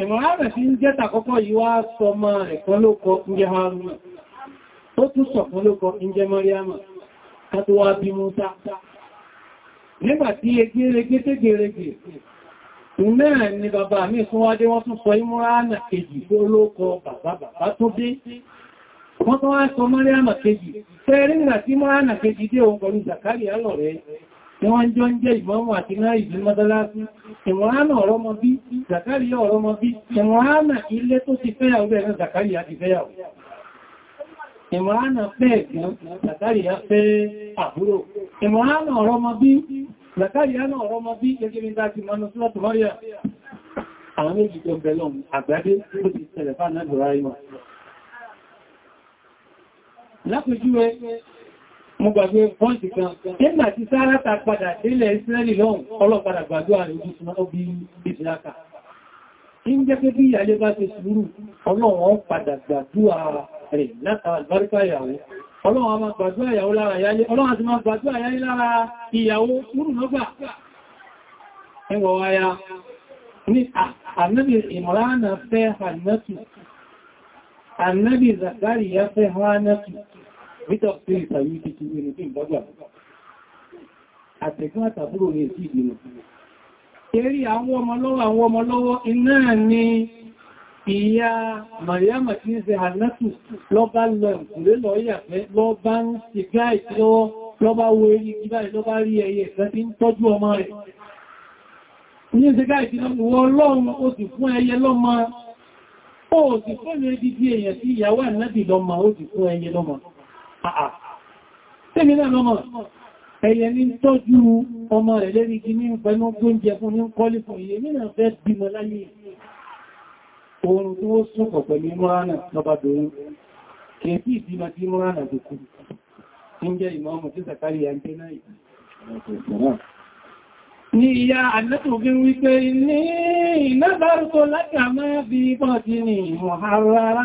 Ìmọ̀láàrẹ̀ fi ń jẹ́ta kọ́kọ́ yìí wá sọ ọmọ rẹ̀ kan ló kọ ìjẹ Haruna, ó tún sọ kan ló kọ ìjẹ Mariama, ká tó wá bí Musa. Nígbàtí egéregé tégèrègè, náà ni bàbá mi fún wádé wọ́n tún sọ Imúránà kejì tó ló kọ bàbá bàbá tó dé tí wọ́n jọ ń jẹ́ ìmọ̀mù àti náà ìlú mọ́dálásí ìmọ̀hánà ọ̀rọ̀ mọ́ bí Zakaria ọ̀rọ̀ mọ́ bí ìmọ̀hánà ilé tó ti fẹ́yàwó ẹ̀rẹ́ Zakaria ti fẹ́yàwó ìmọ̀hánà Zakaria fẹ́ àbúrò ìmọ̀hánà ọ̀rọ̀ mọ́ Zakaria náà ọ̀rọ̀ mọ́ bí gẹ́gẹ́ bí láti mọ́nà sílọ́tù mọ́ríà àwọn méjì jọ bẹ̀lọ́m àgbádé tó ti tẹ̀lẹ̀ lápẹjúwẹ́ mo gbàgbé pọ́ǹtì kan nígbà tí sáràtà padà sílẹ̀ ìsírẹ́lì lọ́hùn ọlọ́padà gbàdúrà rẹ̀ ojúsùn ọbí ìsìláka ń jẹ́ pé bí ìyàlé bá ti sùúrù ọlọ́wọ́n padà gbàdúrà rẹ̀ látara àlùbáríkà ìyàwó ọlọ́wọ́n máa gbàdúrà ìyàwó lára ìyálé ọlọ́wọ́n ti máa gbàdúrà ìyálé lára ìyàwó sùúrù lọ́gbà ẹwọ̀ wáyá ní ànábì ìmọ̀lánà fẹ́ hànátù ànábì zakari ya fẹ́ hànátù Rítọ̀ tí ìtàrí títí nínú tí ìgbọ́gbà. Àtẹ̀kún àtàbúrò ní èsì ìdínú. Eré àwọn ọmọ lọ́wọ́ àwọn ọmọ lọ́wọ́ iná ni ìyá Màríàmà tí ń ṣe Hannatu lọ́bá lọ ìkùnlé lọ yàfẹ́ lọ́bá ń ti gá ìtìlọ́wọ́ lọ́bá wo eré gíbá lọ́bá rí ẹyẹ ìfẹ́ tí ń tọ́jú ọmọ rẹ̀. Ní ṣe gá ìtìlọ́wọ́ ọlọ́run ó sì fún ẹyẹ lọ́mọ Ah, ah. Tẹ́mi náà lọ́mọ̀, ẹ̀yẹ ní tọ́jú ọmọ rẹ̀ lérí jí ní pẹ̀lú gbóúnjẹ fún ní kọ́lì fún ilé mìíràn fẹ́ bímọ láyé oorun tó súnkọ̀ pẹ̀lú mọ́ránà lọ́bá dorin kìí sí ìbímọ tí mọ́ránà tó kú tí ń jẹ́ ìmọ̀ọ́mù tí sàkárí ya ń pé náà ní ìyá àdẹ́tòfin wípé ní ìnábárúkọ láti àmá bí pọ̀ sí ni mọ̀hárárá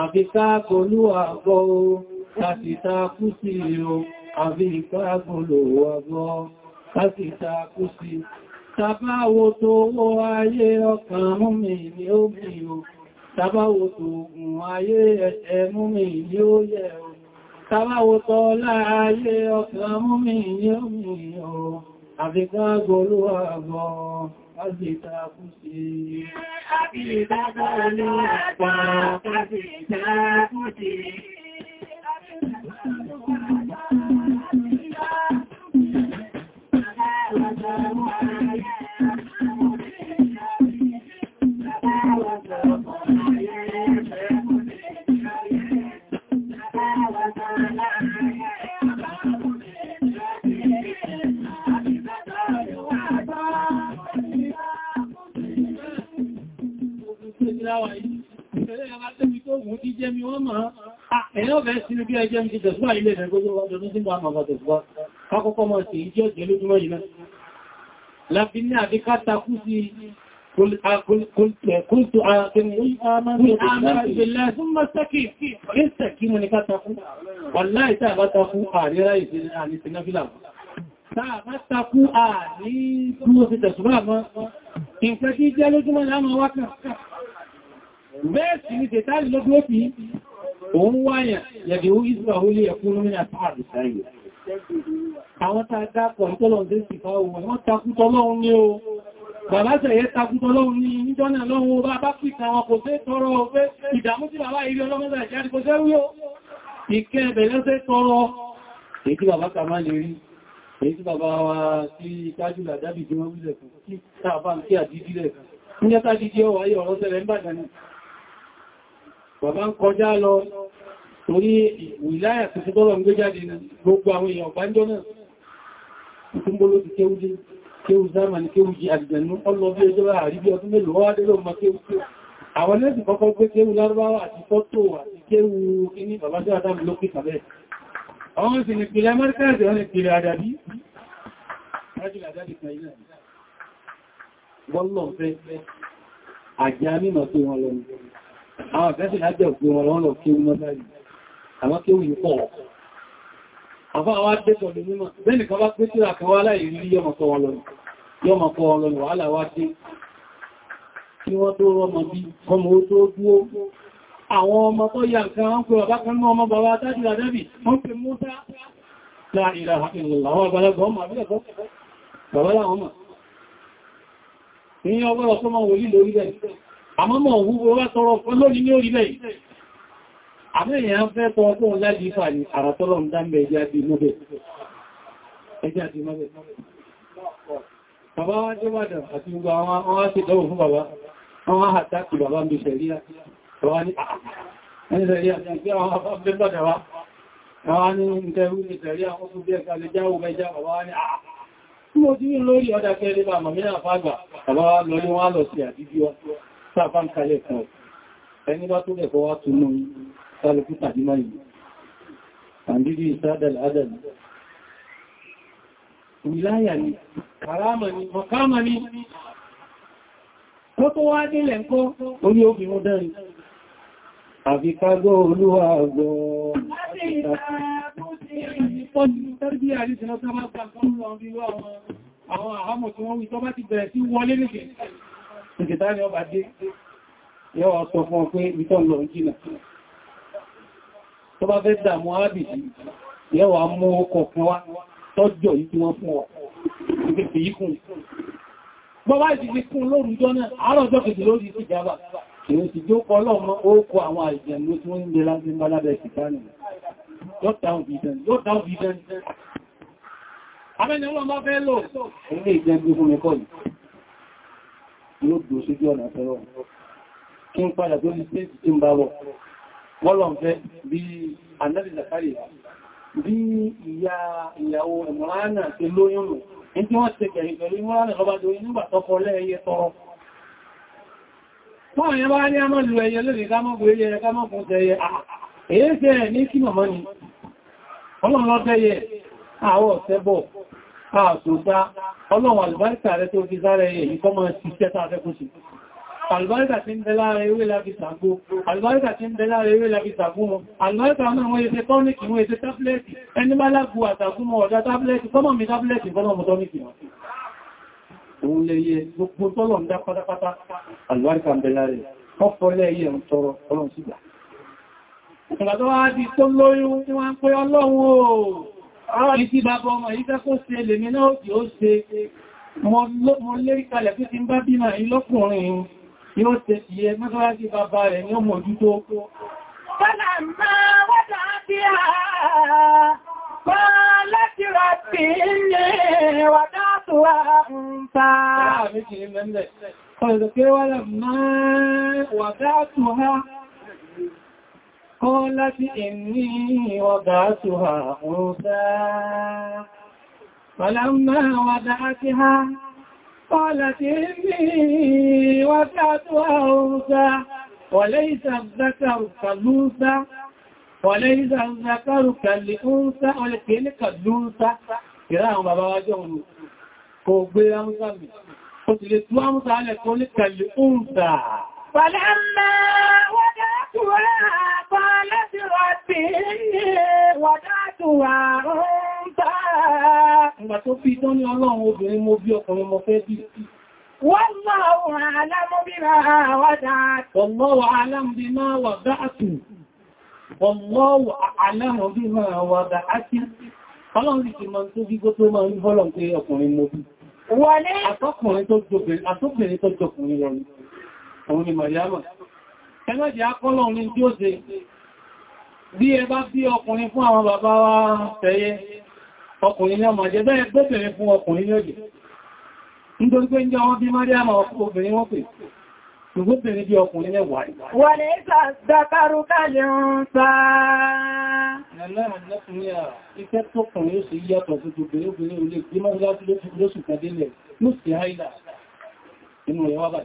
àfikà kọlú àgọ́ o kásìta kú sí o àfikà tàbáwo tó owó ayé ọkàn múmi ní ó o tàbáwo tó ogun ayé ẹ̀ṣẹ̀ múmi ní ó yẹ o tàbáwo tó ọlá ayé ọkàn múmi ní ó bí o Àbíká gọlú àgọ́, àbíká kú sí. Àbíká gọlú àgọ́, àbíká kú sí. Thank you. láwà yìí ìṣẹ̀lẹ̀ àwọn atẹ́mi tó wù tí jẹ́ mi wọ́n máa ẹ̀yọ́ bẹ̀ẹ́ sínú bí ẹjẹ́ mi ti tẹ̀sùwà ilé ẹ̀rẹ́ gbogbo ọjọ́ tó sínú àmàbà tẹ̀sùwà kákọ́kọ́ mọ̀ sí ìjọ́ jẹ́ lójúmọ́ yìí náà láti ní àdíká takú sí قل قلت آمنت بالله ثم استكين استكين ni ká takú wallahi tá bá takú àrí ráyìí sí àní mọ́ ìfẹ́ tí jẹ́ lójúmọ́ láàmà bẹ́ẹ̀ sì ní tẹ̀tàlì lọ́dún òfì òun wáyà yàbí ó ìzúwà ó lè ẹ̀kún lórí àtàrí sáyẹ̀ àwọn tàà dápọ̀ ìtọ́lọ̀dé sì fáwọ̀ wọ́n takútọ́lọ́run ní o bàbá tẹ̀yẹ takútọ́lọ́run ní ìjọ́nà lọ́wọ́ bá bá pìtà wọn kò fẹ́ tọrọ ọ̀fẹ́ ìdàmú sí bàbá ìrí ọlọ́mọ́dà ìjáde kò fẹ́ wíó ìkẹ́ ẹ̀bẹ̀lẹ́sẹ̀ tọrọ èyí tí bàbá kà wa sí ìtájú làdábì tí wọ́n wílẹ̀ fún kí tàbá kí àdídílẹ̀ fún ní ẹ́ta dídí ọwà ayé ọ̀rọ̀ tẹ́lẹ̀ ń bàjá náà bàbá ń kọjá lọ torí wìláyà tó ti tọ́lọ̀ ń gbé jáde gbogbo àwọn èèyàn ọ̀bánjọ́ náà ìtúmbóló ti kéwú dé kéwú záàmà ní kéwú jí àjẹ̀nú ọlọ bí ẹjọ́ àrí bí ọdún mélòó wá dé lọ́mọ kéwú kéwú àwọn lẹ́sìn kọ́kọ́ gbé kéwú lárúbáwá àti fọ́tò àti kéwú kíní bàbá tí àdá mi lókè kàbẹ́ àwọn sì ní pìlẹ̀ amẹ́ríkà ẹ̀sẹ̀ wọn wọ́n lọ́nà àwọn àfẹ́sì lájẹ̀ òkú wọn lọ́nà kí ó mọ́ báyìí àwọn kí ó yìí pọ̀ àfá àwọn àdẹ́sọ̀ lè mímọ̀ bẹ́ẹ̀ni kan bá pé tí àkàwà láì rí yọmọ̀kọ́ ọlọ́nà wàhálà wá dé kí wọ́n tó rọmọ bí ọmọ ó tó dúó àwọn ọmọ tó yà nǹkan wọ́n pè bàbá àmọ́mọ̀ òwúwo wá tọrọ fún lórí ní orílẹ̀ àmọ́ èèyàn fẹ́ tọ ọkùn láti ìfà ní àràtọ́lọ̀ ń dámbẹ̀ ẹjá ti mọ́bẹ̀ bàbá wá jẹ́ wádà àti gbogbo àwọn wá sí ìdánwò fún bàbá wọ́n wá àtàkì bàbá ń bí sẹ̀ríà bàbá ní ààrẹ ah, ah, sẹ̀ríà ti gbé àwọn afẹ́ bàbá wá wọ́n ní ìtẹ̀rú ní sẹ̀ríà wọ́n tún bí ẹ̀kà lè jáwó mẹ́já bàbá wá ní àà ah, tí mo ti ń lórí ọdá kẹrẹ bàbá mẹ́rin àfágbà bàbá lọ ní wọ́n lọ sí àdíbíwá sáàbán kalẹ̀ kan ẹni bá tó lẹ̀kọ́ wá túnmọ́ sálùkú tàbímọ̀ yìí àndírí ìsádàl adàl wìláyà ni karama ni makama ni tó tó wá délẹ̀ ń kọ́ orí obìnrin dárin àfi kágọ́ olúwa àgbọ̀ Àwọn àhámọ̀ tí wọ́n wí tó bá ti bẹ̀rẹ̀ sí wọlé nìkẹ̀ ìkìtà ni ọba dé yọ́ sọ fún ọ pé ìtọ́ lọ jìnà tó bá fẹ́ dàmú ábìsì yẹ́wà mú ọkọ̀ fún wa tọ́jọ̀ yìí tí wọ́n fún ọ ìgbèsè yìí kùn bọ́bá ìdílé kún lórújọ́ náà àárọ̀jọ́ kejì lórí sí ìjábà èyí ti jó kọ́ lọ́mọ ó kọ àwọn àìjẹ̀mú tí wọ́n ń lè láti ń bá lábẹ́ ìsìnká nì yóò dáhùn bí ìdẹ́ni yóò dò sójú ọ̀nà tẹ́rọ kí n padà tó ní stéèjì tí ń bá lọ wọ́lọ̀n fẹ́ bí anábì Zakariya bí ìyá ìyàwó ìmọ̀lánà ti lóyún lò ní tí wọ́n ti kẹ̀rì pẹ̀lú ìmọ̀lánà lọ́bá dorí nígbà tọ́kọ lẹ́ẹ̀yẹ tọrọ Wọ́n yẹ bá ní a máa lù ẹyẹ lórí ká mọ́ gbé ẹyẹ ká mọ́ fún tẹyẹ. Èé tẹ́ ẹ̀ ní kí mọ̀mọ́ ni àtògbá ọlọ́run àlùbáríkà rẹ tó fi sára ẹ̀yẹ̀ yìí kọ́mọ̀ sí tẹ́ta afẹ́kúsì àlùbáríkà tí ń bẹ lára ewé lábí sàgbó àlùbáríkà tí ń bẹ lára ewé lábí sàgbómọ àlùbáríkà náà wọ́n yẹ́ tọ́nìkì wọ́n yẹ́ tábílẹ̀tì ẹni bá lágbó àtàgbómọ ọ̀dá tábílẹ̀tì kọ́mọ̀ mi tábílẹ̀tì kọ́mọ̀ mọ́ tọ́nìkì òun lè yẹ gbogbo tọ́lọ̀ ń dá pátápátá àlùbáríkà ń bẹ tó wá di tí wọ́n ń pé ọlọ́run ooo àwọn ìtí bàbá ọmọ yìí kẹ́kó ṣe lèmi náà tí ó ṣe mo lérí kalẹ̀ pé ti ń bá bí máa ilọ́kùnrin yóò ṣe ti yẹ mẹ́sọ́lájí bàbá rẹ̀ ní ọmọ ojú tó kó Láti máa wàdá قالت إني وضعتها أنثى فلما وضعتها قالت إني وضعتها أنثى وليس الذكر كالأنثى وليس الذكر كالأنثى ولكن كالأنثى كراهم بابا وجههم kò gbé ọmọ sáàmì ó ti lè tú ọmọ sáàlẹ̀ kó ní kàlì oúnjẹ فلما وضعتها قالت ربي وضعتها أنثى Ìgbà tó fi dán ní ọlọ́run obìnrin mo bí ọkùnrin mo fẹ́ bí. Wallahu a'lamu bima wada'at. Wallahu a'lamu bima wada'at. Wallahu a'lamu bima wada'at. Ọlọ́run ti máa tó bí tó máa ń bọ́lọ̀ pé ọkùnrin mo bí. Wọlé. Àtọ́kùnrin òun ni Màríàmà. Ẹgbẹ́jì akọ́lọ̀ ní tí ó ṣe, bí ẹ bá bí ọkùnrin fún àwọn bàbá wa tẹ́yẹ, ọkùnrin ní ọmọ jẹ́ bẹ́ẹ̀ gbẹ́bẹ̀rẹ̀ fún ọkùnrin ní Nítorí pé ní ọwọ́ bí Màríàmà obìnrin wọ́n pè, ṣùgbọ́bìnrin bí ọkùnrin mẹ́wàá. Wọ́n lè sàdákàrù kálẹ̀ ń sáà. Ẹ̀lẹ́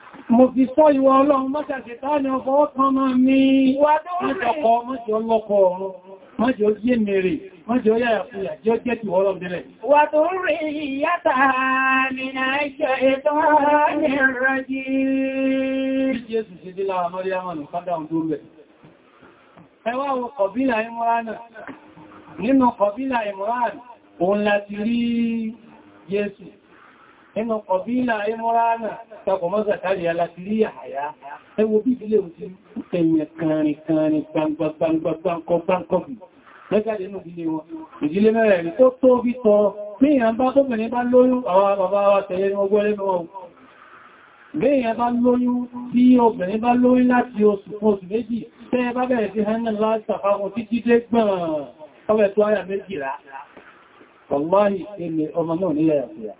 Mo fi sọ ìwọ ọlọ́run mọ́ta ṣètáni ọfọwọ́ kan máa mi mọ́tọ̀kọ́ mọ́tọ̀ ọlọ́kọ̀ ọ̀rọ̀, yé mèrè, mọ́tọ̀ ó yáyà jẹ́ jẹ́ tìwọ́ ọlọ́run délẹ̀. Wà tó rí ìyátà nínú nínú kọ̀bílà ìmúránà takọmọ́sà kárí alákìrí àyá ẹwọ bí ilé òtí kẹyìn kàrin kàrin gbangbangbangbangbangbi lẹ́gbàdé inú ilé wọn ìdílé mẹ́rẹ̀ rí tó tó bí tọ́ bí ìyàn bá tó bẹ̀rẹ̀ bá lóyún àwọn bàbá wa tẹ̀lé ní ọgbọ́ lẹ́nu wọn bí ìyàn bá lóyún bí obìnrin bá lóyún láti oṣù oṣù méjì tẹ́ bá bẹ̀rẹ̀ sí hannah láti àfáwọn títí dé gbọ̀n ọmọ ẹ̀tọ́ àyà méjìlá ọmọ náà nílẹ̀ àfihàn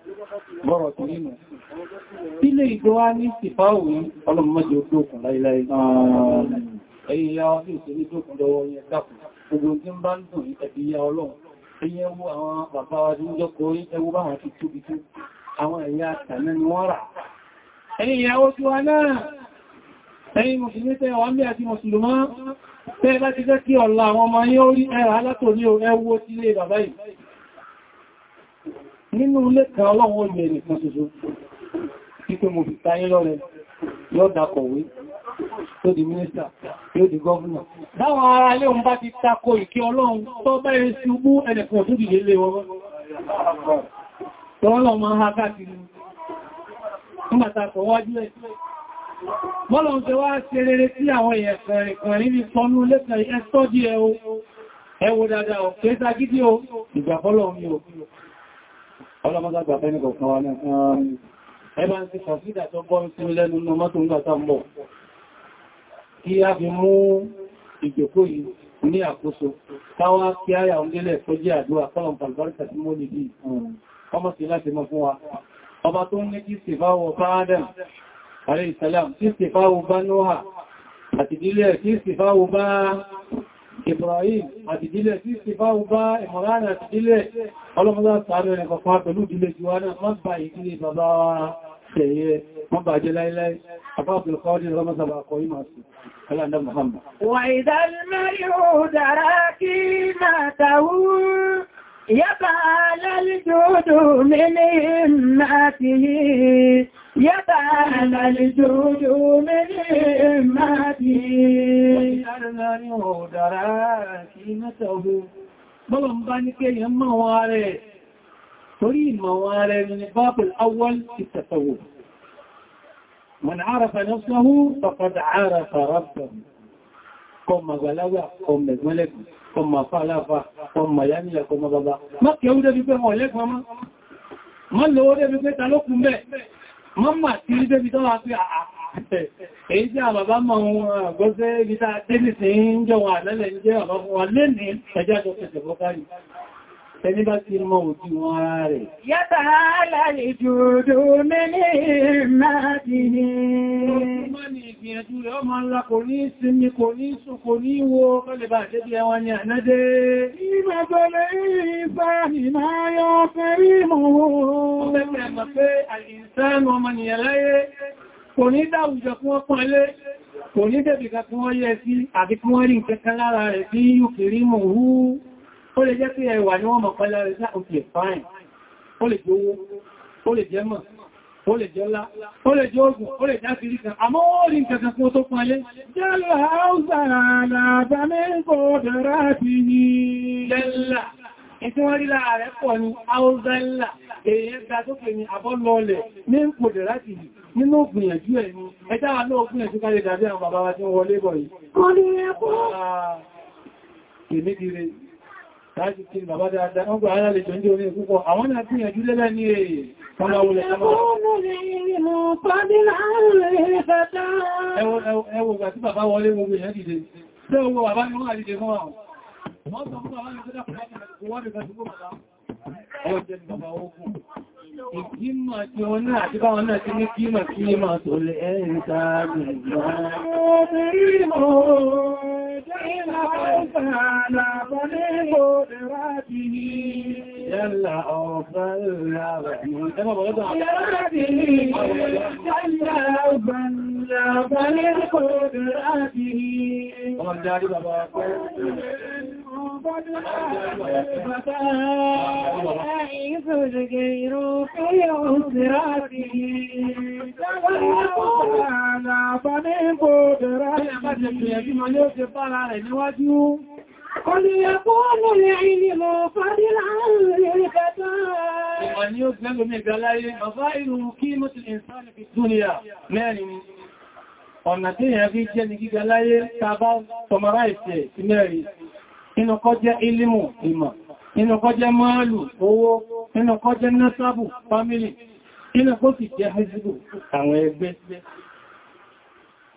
bọ́rọ̀ tó nínú ilé ìgbówá ní ìfàwòrí ọlọ́mọdé ojókùn láìláì ẹ̀yìn ya ọdún ìṣẹ́lẹ̀ ojókùn lọ́wọ́ yẹn dákùn ya ọlọ́run ẹ̀yẹ wo àwọn bàbá wa ní jọ́kọ́ ẹwú bá wọn ti tóbi tó àwọn ni wọ́n rà ẹ̀yìn ìyàwó tí wa náà ẹ̀yìn mùsùlùmí tẹ́ wọ́n bí àti mùsùlùmọ́ tẹ́ bá ti jẹ́ nínú ilé kan ọlọ́wọ́ ilẹ̀ nìkan ṣoṣo pípé mo fi ta yín lọ́rẹ yóò dákọ̀wé tó di mínísítà yóò di gọ́ọ̀nà dáwọn ará ilé òun bá ti takò ìkí ọlọ́run tó bẹ́rẹ̀ sí ugbó ẹnìkan tó dìde lé wọn tọ́lọ́ ma ha káàkiri nígbàtàkọ̀ wájú ẹ̀ mọ́lọ̀ ń ṣe wá ṣe rere tí àwọn èèyàn fẹ̀rẹ̀ kan rí ní sọ́nú lẹ́kàn ẹ̀sọ́dí ẹ̀ o ẹwọ dáadáa ọ̀ pẹ́sà gídí o ìgbàfọ́lọ̀ mi o ọlọ́mọ́gbàgbà fẹ́ nìkan kan wá ní um, ẹbá ń ti ṣàfídà tó bọ́ sí lẹ́nu ní ọmọ tó ń gbàtà mọ̀ kí a fi mú ìjòkó yìí ní àkóso káwá kí áyà oúnjẹ́lẹ̀ tó jẹ́ àdúrà kọ́lọ̀m pàlbáríkà tí mọ́ nìdí ọmọ sí láti mọ́ fún wa ọba tó ń ní kí sèfáwọ fáádàm àrẹ ìsàlám kí sèfáwọ bá Ibrahim àti ìdílé tí ti bá ń bá Imran àti ìdílé ọlọ́mọdá sàárẹ̀ rẹ̀ pàpá pẹ̀lú ìdílé jíwá náà bá ìdílé bàbá ṣẹ̀yẹ má bá jẹ láíláí àbábùl يبال الجود من يا يبال الجود من همته وإننا نودر كلمته بلن بانك يمواري تريد مواري من الباب الأول في التطور من عرف نفسه فقد عرف ربه kọmọ àgbàlagbà kọmọ ẹ̀gbọ́nlẹ́gbọ̀n kọmọ àfáàláfà kọmọ yánilẹ̀ kọmọ bàbá má kẹwú débi pé wọ́n lẹ́gbọ́n má má lówó débi pé ta lókun bẹ́ má mà tí rí débi tọ́wà pé èyí tí àbàbá mọ̀ ohun àgbọ́sẹ́ ibi tá a dé nìsìn ń jọ wọn àlẹ́lẹ̀ ń jẹ́ àbá fún wa lé ní ẹjá Ẹni bá ti mọ òjú wọn ara rẹ̀. Yàtà aláàrẹ̀ ìjòdó mẹ́lẹ̀ máa ti ní. Ọmọ ni ìgbìyànjú rẹ̀ ọmọ ńlá kò ní sinmi kò ní sùn kò ní wo kọ́lẹ̀ bá jẹ́ bí ẹwọ́n ni ànádé. Ìmọ̀gbọ̀lẹ̀ ìfà ìmáyọ́ fẹ́rí mọ̀ kò ní dáwùjọ kí wọ́n pọ́n lé kò ní dẹ̀bìkà kí wọ́n sí àti kí wọ́n rí lára rẹ̀ sí yùkìrí mọ̀ hú ó lè jẹ́ pé ẹwà ni wọ́n mọ̀ pẹ́lá rẹ̀ sáà òkè fine ó lè jẹ́ owó ó lè jẹ́ mọ̀ ó lè jẹ́ ọlá ó lè jẹ́ ogun ó lè jẹ́ àfírí kan àmọ́ ó rí nǹkan kan tó pọn jẹ́lá áùsà àlàbà mẹ́kọ̀ ẹ̀ ní ẹjá wà ní ògbìyànjú káyé dàbí àwọn bàbá wa tí wọlé bọ̀ yìí láti kí bàbá dáadáa ọgbà alálejò ní orí púpọ̀ àwọn náà tí ìyànjú lẹ́lẹ́ ní èyí kọmọwulẹ̀ ẹwọ̀ ìgbà tí bàbá wọlé gbogbo ìyàn dìde tí ó wọ bàbá ní wọ́n àdìde fún àwọn wọ́n sọ fún bàbá ní Ìgbìmọ̀ tí wọ́n náà àti báwọn náà ti ní kímọ̀ kímọ̀ tó ní mo dẹ̀rá bí i. Yẹ́là ọ̀fẹ́ ìrìnàwẹ̀ ìrìnàwẹ̀ ìrìnàwẹ̀ فبائس الغير في عسراته على فمن قدراته قل يكون العلم فضلا للفتاة ومن يسلم من جلال مظاهر قيمة الإنسان في الدنيا مالي ọ̀nà tí èèyàn fi jẹ́ ní gíga láyé tàbá tọmọrá ìṣẹ́ ìmẹ́rin inú kọ́ ilimu ìmọ̀ inú kọ́ jẹ́ owó inú kọ́ jẹ́ násábù fámílì inú kó sì jẹ́ hezbo àwọn ẹgbẹ́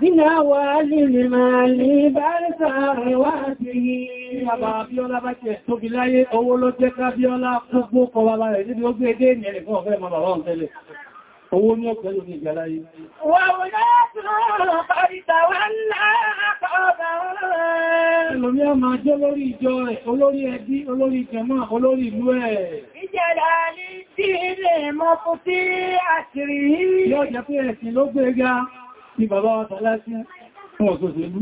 Bínáwàálì lè máa lè bá sáàrin wá sí àbà Abíọ́lá bá jẹ́ tóbi láyé owó ló jẹ́ ká Abíọ́lá gbogbo kọwàlá rẹ̀ níbi ó gbé dé ní fún ọ̀fẹ́ bàbá wọn tẹ́lẹ̀. Owó ní ọ̀pẹ́ ló ní ìgbà láyé. Ẹlòmí ní bàbá wa tàlásí fún òṣèṣèlú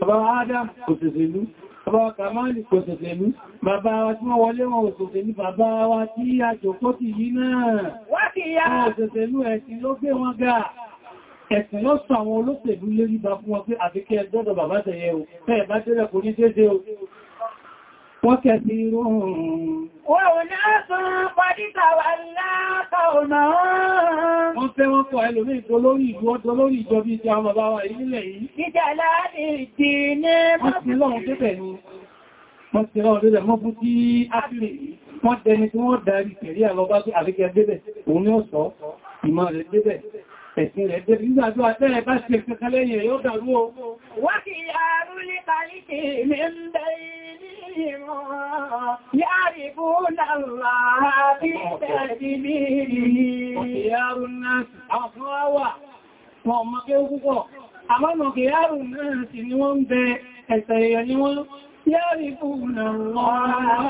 bàbá wa adam òṣèṣèlú bàbá wa kamali òṣèṣèlú bàbá wa tí wọ́n wọlé wọn òṣèṣèlú bàbá wa tí àjòkó ti yí náà òṣèṣèlú ẹ̀sìn ló gbé wọn ga ẹ̀sìn ló sọ àwọn olóṣèlú lérí bá fún wọn pé àfikẹ́ ẹgbọ́dọ̀ bàbá o fẹ́ẹ̀ bá tẹ́lẹ̀ وكثير وناس قد تولى قومهم Wọ́n fẹ́ wọ́n kọ ẹlòmí ìdólórí ìlú ọdọ́lórí ìjọbi ti àwọn bàbá wa ìlẹ̀ yìí. Ìjàlá ìdí ní wọ́n ti lọ́run tẹ́bẹ̀ ní. Wọ́n ti lọ́run tẹ́bẹ̀ mọ́ bú tí á sílẹ̀ yìí. Wọ́n tẹni tí wọ́n darí tẹ̀rí àlọ́bá sí àríkẹ́ débẹ̀, òun ni ó sọ, ìmọ̀ rẹ̀ débẹ̀, ẹ̀sìn rẹ̀ débẹ̀, nígbà tó àtẹ́rẹ bá ṣe kẹkẹrẹ yẹ̀ yóò dàrú o. Wọ́n ti yà rú ní kàlítì ní ń bẹ̀rẹ̀ يعرفون الله بتدبيره خيار الناس أفواوا wọ́n mọ̀ pé ó púpọ̀. Àmọ́nà kì yárù náà sì ni wọ́n ń bẹ ẹ̀sẹ̀ èèyàn ni wọ́n yárí fún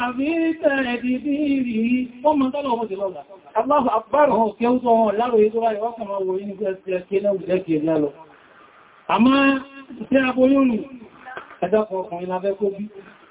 àbí tẹ̀rẹ̀ dìdí rí. Wọ́n mọ̀ tọ́lọ̀ ọmọ sí lọ́gbà. Allahu Akbar hàn kí ó tọ́ hàn láàrùn ètò báyìí wọ́n kàn máa wò ní ẹ̀kẹ́ náà jẹ́ kìí lálọ. Àmọ́ tí a boyún ni, ẹ̀dọ́kọ̀ ọkùnrin la fẹ́ kó bí.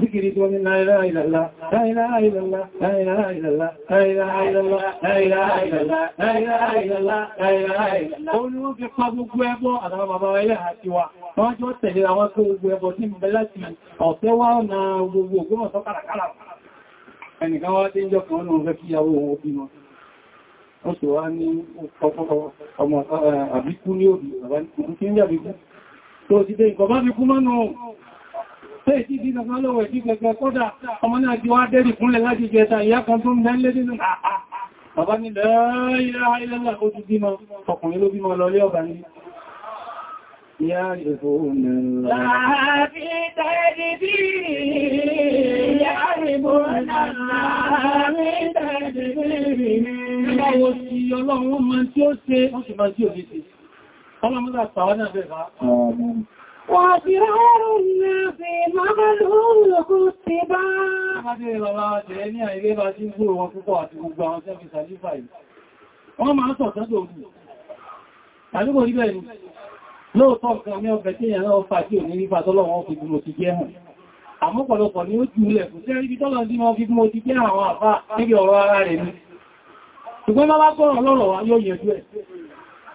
ذكري دون لا إله إلا الله لا إله إلا الله لا إله إلا الله لا إله إلا الله لا إله إلا الله لا إله إلا الله لا إله إلا الله قولوا في قبل قوة أنا ما بغير هاتوا wọ́n jọ tẹ̀lé àwọn tó gbogbo ẹbọ̀ tí mú bẹ́láti ọ̀tẹ́ wá ọ̀nà gbogbo ògbọ́n sọ kàràkàrà ẹnìkan wá tí ń jọ kan ọ̀nà ọ̀fẹ́ kíyàwó ohun òbí mọ́ ó sì wá ní ọmọ àbíkú ní òbí pé ìdídí nàmá lọ́wọ́ ìdí gẹ̀gẹ̀ kọ́dà ọmọ náà jí wá dẹ́rì fúnlẹ̀ láti jẹta ìyá kan tó ń bẹ́ńlẹ́ nínú bàbá ní lẹ́yìnlá ilẹ́lá ó ti bímọ ọkùnrin ló bímọ lọ lé ọ̀bà ní ìyá وأسرار الناس مغلوق اتباع Wọ́n máa ń sọ̀tọ́ tó rú. Tàbíkò rí bẹ́ẹ̀ ni, lóòtọ́ nǹkan ní ọbẹ̀ tí ìyànà ọfà tí ò ní nípa tọ́lọ́wọ́n fi gbùmọ̀ ti jẹ́ hàn. Àmọ́pọ̀lọpọ̀ ni ó jùlẹ̀ fún tẹ́rí bí tọ́lọ́ sí wọn fi gbùmọ̀ ti jẹ́ àwọn àfá níbi ọ̀rọ̀ ara rẹ̀ ni. Ṣùgbọ́n bá bá gbọ́rọ̀ yóò yẹjú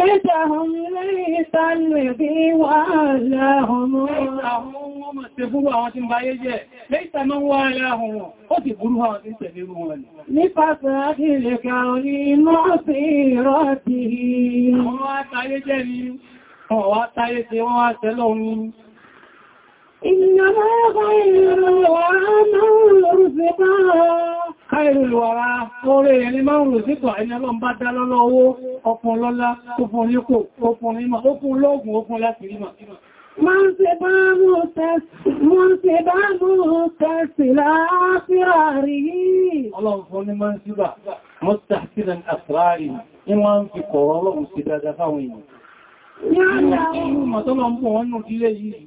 أخرجتهم ليس الذي والاهم ليس من والاهم لفساد الكون معصيرته Àwọn wá táyé jẹ́ ni, àwọn wá táyé tí wọ́n wá tẹ́lọ́ mi. إنما خير الورى من رزقها Káìrù ìwàrá orí ẹni máa ń rò sípò ẹni ọlọ́m bá dá lọ́lọ́ owó ọkùn lọ́lá, ọkùn nípò, ọkùn nímọ̀, ọkùn lọ́gùn, ọkùn láti rímọ̀. Máa ń ṣe bá mú tẹ́sì láàáfíà rí. Ọlọ́run fún ní máa ń síbà, mọ́tàkìlẹ̀ àṣírárì, ní máa ń fi kọ̀rọ̀ ọlọ́run sí dáadáa fáwọn ń bọ̀ wọ́n nù yìí,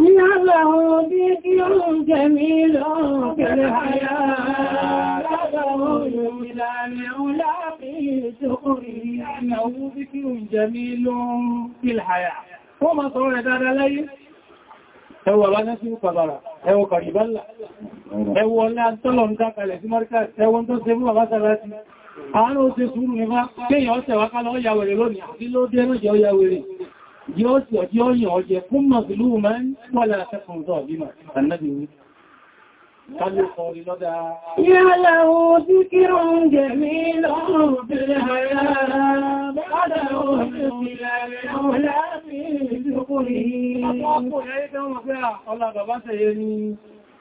له بكر جميل في الحياة له يلامع لاقي جميل في الحياة wọ́n máa sọ̀rọ̀ rẹ̀ dáadáa láyé ẹwọ alájá sí pàbàrà ẹwọ kàrìbálà ẹwọ ọlá tọ́lọ̀ ń dákalẹ̀ sí márkà ẹwọ́n tó ṣe fún bàbá sára sí àárò ṣe sùúrù nípa kéèyàn ọ̀sẹ̀ wákálọ́ ọ̀yàwèrè lónìí àti ló dé yóò sì ọjọ́ yìn ọjẹ́ fún mọ̀sílú mẹ́rin wọ́lá àtẹ́kùn sọ bí kálù kọrí lọ́dá yálà sí kírò ń jẹ lọ́rùn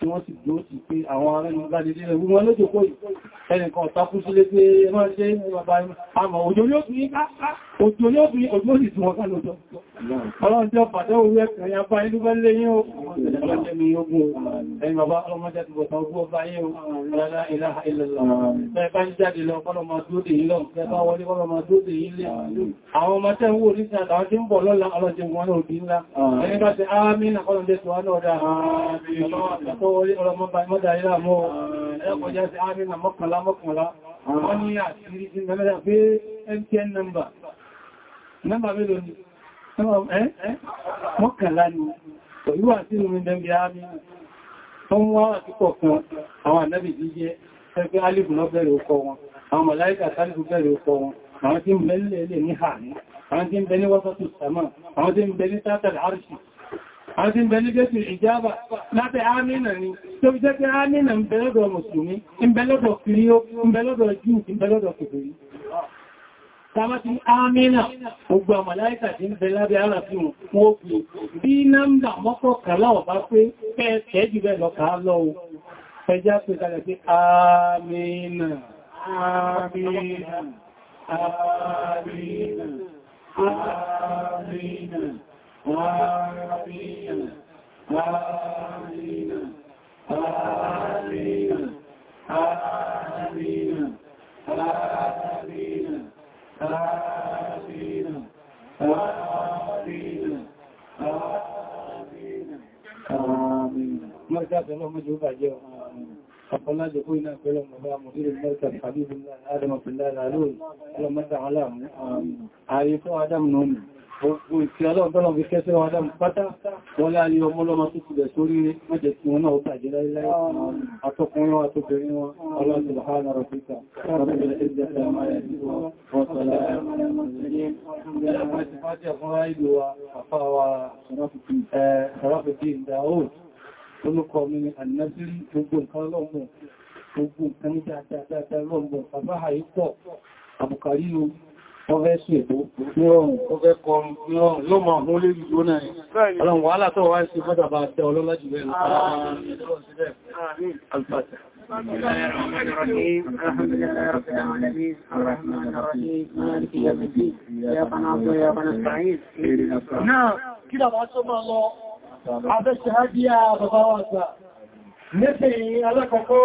tí wọ́n sì dúró sí pé àwọn ará ní bá dédé ẹgbùn wọn lójò kó ẹnìkan ọ̀takún sílé pé ẹmọ́ ṣe bàbá àmọ̀ òjò ní òfin òjò ní òfin òjò ká lójọ ọlọ́run ó pàtẹ́ òwú ẹ̀kùn ya bá inú bẹ́ lé yín o wọlé ọlọ́mọba ìmọ́dà ilá mọ́ ẹ̀kọjá sí àmìnà mọ́kànlá mọ́kànlá wọ́n ní àṣírí sí mẹ́mẹ́ta pé MTN nọ́mbà nọ́mbà mélòó ni mọ́kànlá ni pẹ̀lú àti ìrìn dẹ̀mbì àmì wọ́n wá àti kọ̀ọ̀kan àwọn ànábì jíjẹ́ ẹgbẹ́ alìbù náà bẹ̀rẹ̀ ọkọ̀ wọn àwọn mọ̀láìkà sálìbù bẹ̀rẹ̀ ọkọ̀ wọn àwọn tí ń bẹ nílẹ̀ ní hà ní àwọn tí ń bẹ ní wọ́sọ̀tù sàmà àwọn tí ń bẹ tátàlì àti ìbẹ̀lẹ́gẹ́sì ìjábà láti àmìnà ni tó fi jẹ́ pé àmìnà ń bẹ̀lọ́dọ̀ mùsùlùmí ń bẹ̀lọ́dọ̀ kìríó ń bẹ̀lọ́dọ̀ jù ń bẹ̀lọ́dọ̀ kìríó tàbá ti àmìnà gbogbo àmàláìkà tí ń bẹ lábẹ́ ara fi wọn ó pè bí nọ́mbà mọ́kọ̀kànlá ọ̀bá pé pẹ́ẹ̀kẹ́ jù bẹ́ẹ̀ lọ kàá lọ ẹjá pé kalẹ̀ pé àmìnà آمين آمين آمين آمين آمين آمين آمين آمين مركز الله مجهود عجيب فقلنا جئونا كلهم مباع مدير المركز حبيب الله آدم في الله العلوي اللهم مدع علامه عارفوا آدم نومي gbogbo ìfẹ́ ọlọ́run tọ́lọ̀ fi kẹ́ sí wọn lọ́mù pátá wọ́n láàrin ọmọ ọlọ́mọ tó ti bẹ̀ sórí mẹ́jẹ̀ tí wọn náà ó tàjẹ́ láìláì àtọkùnrin wọn àtọkùnrin wọn ọlọ́run Gbogbo nǹkan ní dáadáa lọ́gbọ̀n, bàbá àyíkọ̀, àbùkàrí lórí, wọ́n fẹ́ sí ètò nírọ̀rùn wọ́n fẹ́ kọ nírọ̀rùn yóò máa hún lé ìlú náà ni ọlọ́run wà látọ̀ wá sí fọ́dà bá tẹ ọlọ́lá jù bẹ́ẹ̀ Abẹ́ ṣe há bí i àbàbá wà gbà. Nífẹ̀ẹ́ alákọ̀ọ́kọ́